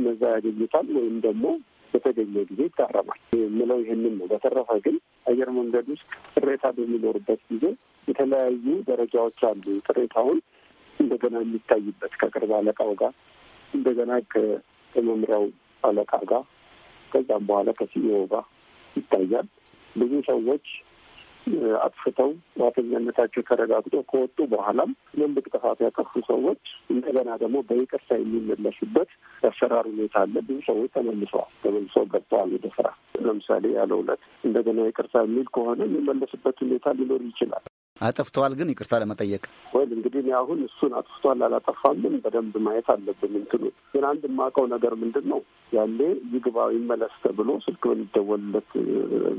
እነዛ ያገኙታል ወይም ደግሞ በተገኘ ጊዜ ይታረማል የምለው ይህንን ነው። በተረፈ ግን አየር መንገድ ውስጥ ቅሬታ በሚኖርበት ጊዜ የተለያዩ ደረጃዎች አሉ። ቅሬታውን እንደገና የሚታይበት ከቅርብ አለቃው ጋር እንደገና ከመምሪያው አለቃ ጋር ከዛም በኋላ ከሲኢኦ ጋር ይታያል። ብዙ ሰዎች አጥፍተው ጥፋተኛነታቸው ተረጋግጦ ከወጡ በኋላም ትልልቅ ጥፋት ያጠፉ ሰዎች እንደገና ደግሞ በይቅርታ የሚመለሱበት ያሰራር ሁኔታ አለ። ብዙ ሰዎች ተመልሰዋል፣ ተመልሰው ገብተዋል ወደ ስራ። ለምሳሌ ያለ ሁለት እንደገና ይቅርታ የሚል ከሆነ የሚመለስበት ሁኔታ ሊኖር ይችላል። አጠፍተዋል፣ ግን ይቅርታ ለመጠየቅ ወይ እንግዲህ እኔ አሁን እሱን አጥፍቷል አላጠፋምን በደንብ ማየት አለብን። እንትኑ ግን አንድ የማውቀው ነገር ምንድን ነው ያኔ ይግባው ይመለስ ተብሎ ስልክ በሚደወልለት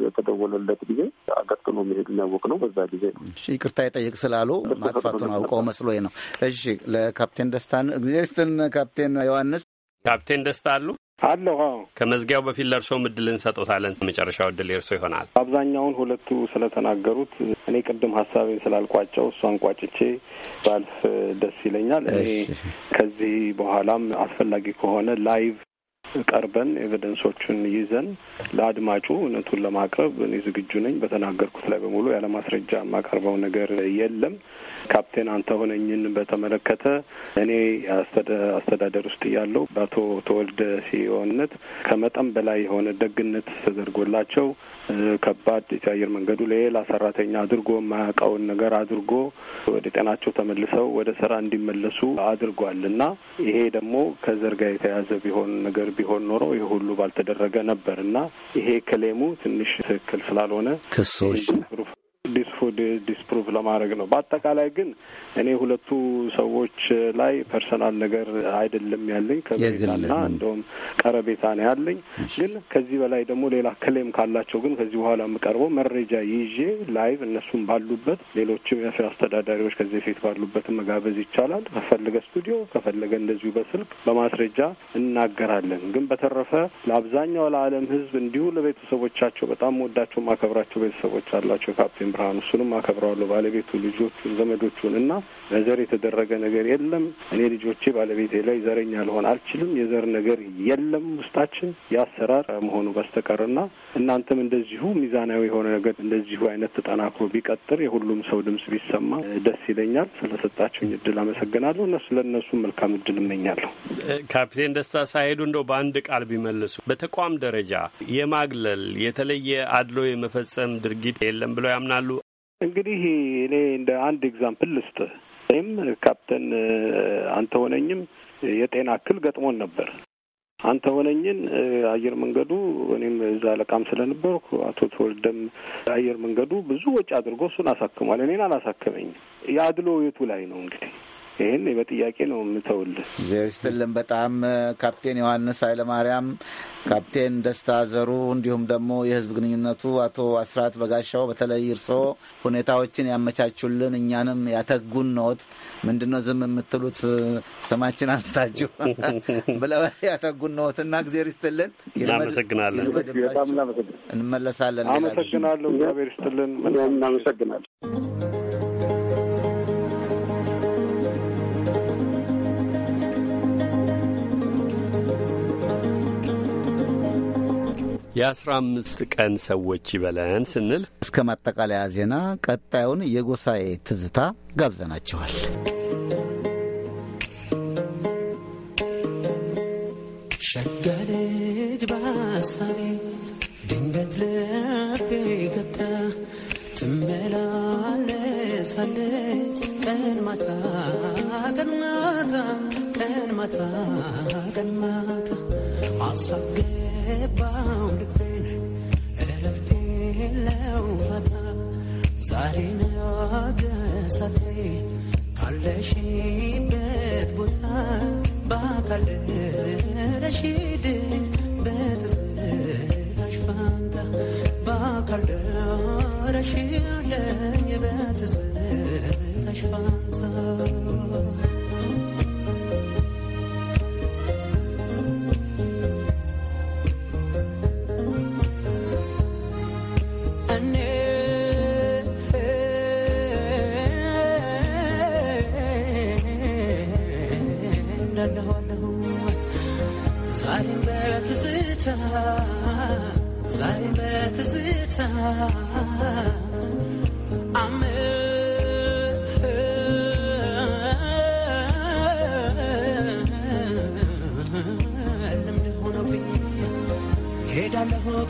የተደወለለት ጊዜ አቀጥሎ ያወቅ ነው። በዛ ጊዜ ነው። ይቅርታ የጠየቅ ስላሉ ማጥፋቱን አውቀው መስሎ ነው። እሺ ለካፕቴን ደስታን እግዚአብሔር ይስጥን። ካፕቴን ዮሐንስ ካፕቴን ደስታ አሉ አለሁ። ከመዝጊያው በፊት ለእርስዎም እድል እንሰጦታለን። መጨረሻው እድል የእርስዎ ይሆናል። አብዛኛውን ሁለቱ ስለተናገሩት እኔ ቅድም ሀሳቤን ስላልቋጨው እሷን ቋጭቼ ባልፍ ደስ ይለኛል። እኔ ከዚህ በኋላም አስፈላጊ ከሆነ ላይቭ ቀርበን ኤቪደንሶቹን ይዘን ለአድማጩ እውነቱን ለማቅረብ እኔ ዝግጁ ነኝ። በተናገርኩት ላይ በሙሉ ያለ ማስረጃ የማቀርበው ነገር የለም። ካፕቴን አንተ ሆነኝን በተመለከተ እኔ አስተዳደር ውስጥ ያለው በአቶ ተወልደ ሲዮነት ከመጠን በላይ የሆነ ደግነት ተደርጎላቸው ከባድ የአየር መንገዱ ለሌላ ሰራተኛ አድርጎ የማያውቀውን ነገር አድርጎ ወደ ጤናቸው ተመልሰው ወደ ስራ እንዲመለሱ አድርጓል እና ይሄ ደግሞ ከዘር ጋር የተያያዘ ቢሆን ነገር ቢሆን ኖሮ ይህ ሁሉ ባልተደረገ ነበር እና ይሄ ክሌሙ ትንሽ ትክክል ስላልሆነ ክሶች ዲስፉድ ዲስፕሩቭ ለማድረግ ነው። በአጠቃላይ ግን እኔ ሁለቱ ሰዎች ላይ ፐርሰናል ነገር አይደለም ያለኝ ከቤታና እንደውም ቀረቤታ ነው ያለኝ። ግን ከዚህ በላይ ደግሞ ሌላ ክሌም ካላቸው ግን ከዚህ በኋላ የምቀርበው መረጃ ይዤ ላይቭ እነሱም ባሉበት ሌሎችም የፍ አስተዳዳሪዎች ከዚህ በፊት ባሉበትን መጋበዝ ይቻላል። ከፈለገ ስቱዲዮ፣ ከፈለገ እንደዚሁ በስልክ በማስረጃ እናገራለን። ግን በተረፈ ለአብዛኛው ለዓለም ህዝብ እንዲሁ ለቤተሰቦቻቸው በጣም ወዳቸው ማከብራቸው ቤተሰቦች አላቸው ካፌ ወይም ብርሃን እሱንም አከብረዋለሁ። ባለቤቱ፣ ልጆቹን፣ ዘመዶቹን እና በዘር የተደረገ ነገር የለም። እኔ ልጆቼ፣ ባለቤቴ ላይ ዘረኛ ልሆን አልችልም። የዘር ነገር የለም ውስጣችን የአሰራር መሆኑ በስተቀር እና እናንተም እንደዚሁ ሚዛናዊ የሆነ ነገር እንደዚሁ አይነት ተጠናክሮ ቢቀጥር የሁሉም ሰው ድምጽ ቢሰማ ደስ ይለኛል። ስለሰጣችሁኝ እድል አመሰግናለሁ። እነሱ ለእነሱ መልካም እድል እመኛለሁ። ካፒቴን ደስታ ሳይሄዱ እንደው በአንድ ቃል ቢመልሱ በተቋም ደረጃ የማግለል የተለየ አድሎ የመፈጸም ድርጊት የለም ብለው ያምናል እንግዲህ እኔ እንደ አንድ ኤግዛምፕል ልስጥ። ወይም ካፕተን አንተ ሆነኝም የጤና እክል ገጥሞን ነበር። አንተ ሆነኝን አየር መንገዱ እኔም እዛ አለቃም ስለነበርኩ አቶ ተወልደም አየር መንገዱ ብዙ ወጪ አድርጎ እሱን አሳክሟል። እኔን አላሳከመኝም። የአድሎ የቱ ላይ ነው እንግዲህ ይህን በጥያቄ ነው የምተውልህ። እግዜር ይስጥልን በጣም ካፕቴን ዮሐንስ ኃይለማርያም፣ ካፕቴን ደስታ ዘሩ እንዲሁም ደግሞ የህዝብ ግንኙነቱ አቶ አስራት በጋሻው፣ በተለይ እርስዎ ሁኔታዎችን ያመቻቹልን እኛንም ያተጉን ኖት። ምንድን ነው ዝም የምትሉት ስማችን አንስታችሁ ብለው ያተጉን ኖት እና እግዜር ይስጥልን። እናመሰግናለን። እንመለሳለን። አመሰግናለሁ። እግዚአብሔር ይስጥልን። እናመሰግናለን። የአስራ አምስት ቀን ሰዎች ይበለን ስንል እስከ ማጠቃለያ ዜና ቀጣዩን የጎሳዬ ትዝታ ጋብዘናችኋል። ሸጋ ልጅ ድንገት ልቤ ገብታ ትመላለሳለች ቀን ማታ ቀን ማታ ማታ ቀን ማታ አሳገባው ልቤን እረፍቴ ዛሬ ነገሳቴ ካለሽበት ቦታ ባካል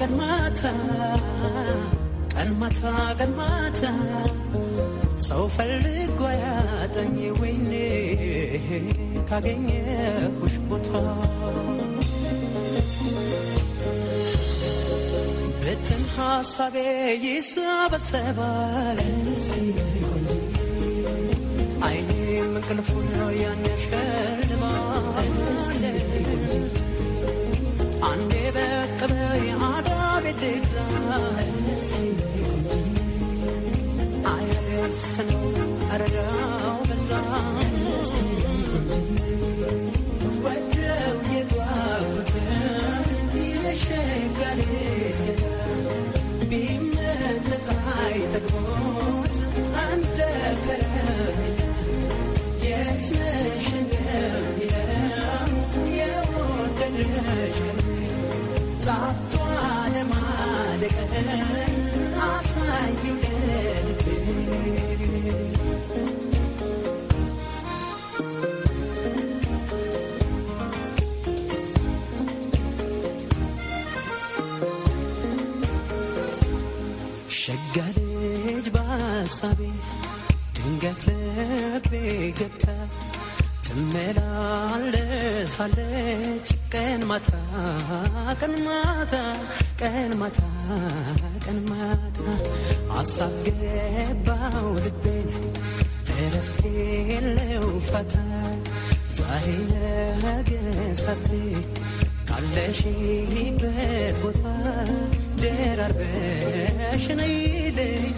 ቀን ማታ ቀን ማታ ቀን ማታ ሰው ፈልጎ ያጠኝ ወይኔ ካገኘሁሽ ቦታ ቤትን ሀሳቤ ይሰበሰባል አይኔም እንቅልፉን ነው ያነሸልባል I'm ቀን ማታ ቀን ማታ ቀን ማታ ሀሳብ ገባው ልቤን እረፍት የለው ፈታ ዛሬ ነገ ሳትይ ካለሽበት ቦታ ደራርበሽ ነይልኝ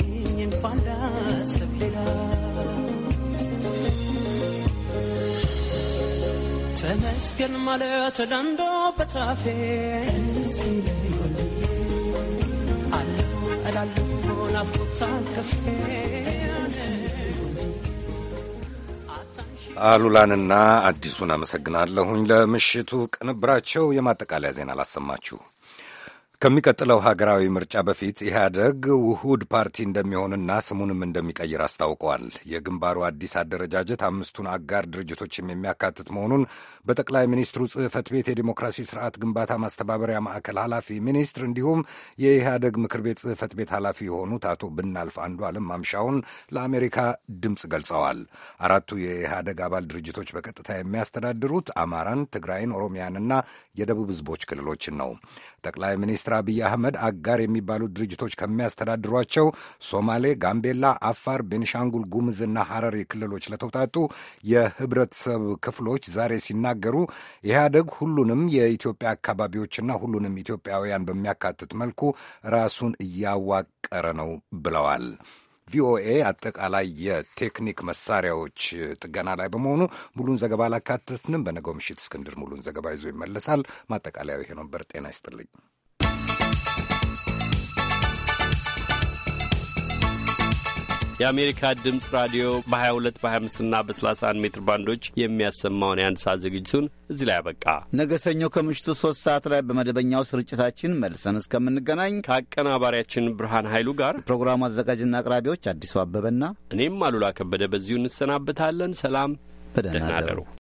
አለኝ እንኳን ሌላ ተመስገን ማለት ለንዶ በታፌ እላለሁ ከፌ አሉላንና አዲሱን አመሰግናለሁኝ። ለምሽቱ ቅንብራቸው የማጠቃለያ ዜና አላሰማችሁ። ከሚቀጥለው ሀገራዊ ምርጫ በፊት ኢህአደግ ውሁድ ፓርቲ እንደሚሆንና ስሙንም እንደሚቀይር አስታውቀዋል። የግንባሩ አዲስ አደረጃጀት አምስቱን አጋር ድርጅቶችም የሚያካትት መሆኑን በጠቅላይ ሚኒስትሩ ጽህፈት ቤት የዲሞክራሲ ስርዓት ግንባታ ማስተባበሪያ ማዕከል ኃላፊ ሚኒስትር እንዲሁም የኢህአደግ ምክር ቤት ጽህፈት ቤት ኃላፊ የሆኑት አቶ ብናልፍ አንዱ ዓለም ማምሻውን ለአሜሪካ ድምፅ ገልጸዋል። አራቱ የኢህአደግ አባል ድርጅቶች በቀጥታ የሚያስተዳድሩት አማራን፣ ትግራይን፣ ኦሮሚያንና የደቡብ ህዝቦች ክልሎችን ነው። ጠቅላይ ሚኒስትር አብይ አህመድ አጋር የሚባሉ ድርጅቶች ከሚያስተዳድሯቸው ሶማሌ፣ ጋምቤላ፣ አፋር፣ ቤንሻንጉል ጉምዝና ሐረሪ ክልሎች ለተውጣጡ የህብረተሰብ ክፍሎች ዛሬ ሲናገሩ ኢህአደግ ሁሉንም የኢትዮጵያ አካባቢዎችና ሁሉንም ኢትዮጵያውያን በሚያካትት መልኩ ራሱን እያዋቀረ ነው ብለዋል። ቪኦኤ አጠቃላይ የቴክኒክ መሳሪያዎች ጥገና ላይ በመሆኑ ሙሉን ዘገባ አላካተትንም። በነገው ምሽት እስክንድር ሙሉን ዘገባ ይዞ ይመለሳል። ማጠቃለያው ይሄ ነበር። ጤና ይስጥልኝ። የአሜሪካ ድምፅ ራዲዮ በ22 በ25ና በ31 ሜትር ባንዶች የሚያሰማውን የአንድ ሰዓት ዝግጅቱን እዚህ ላይ አበቃ። ነገ ሰኞ ከምሽቱ ሶስት ሰዓት ላይ በመደበኛው ስርጭታችን መልሰን እስከምንገናኝ ከአቀናባሪያችን ብርሃን ኃይሉ ጋር ፕሮግራሙ አዘጋጅና አቅራቢዎች አዲሱ አበበና እኔም አሉላ ከበደ በዚሁ እንሰናበታለን። ሰላም፣ በደህና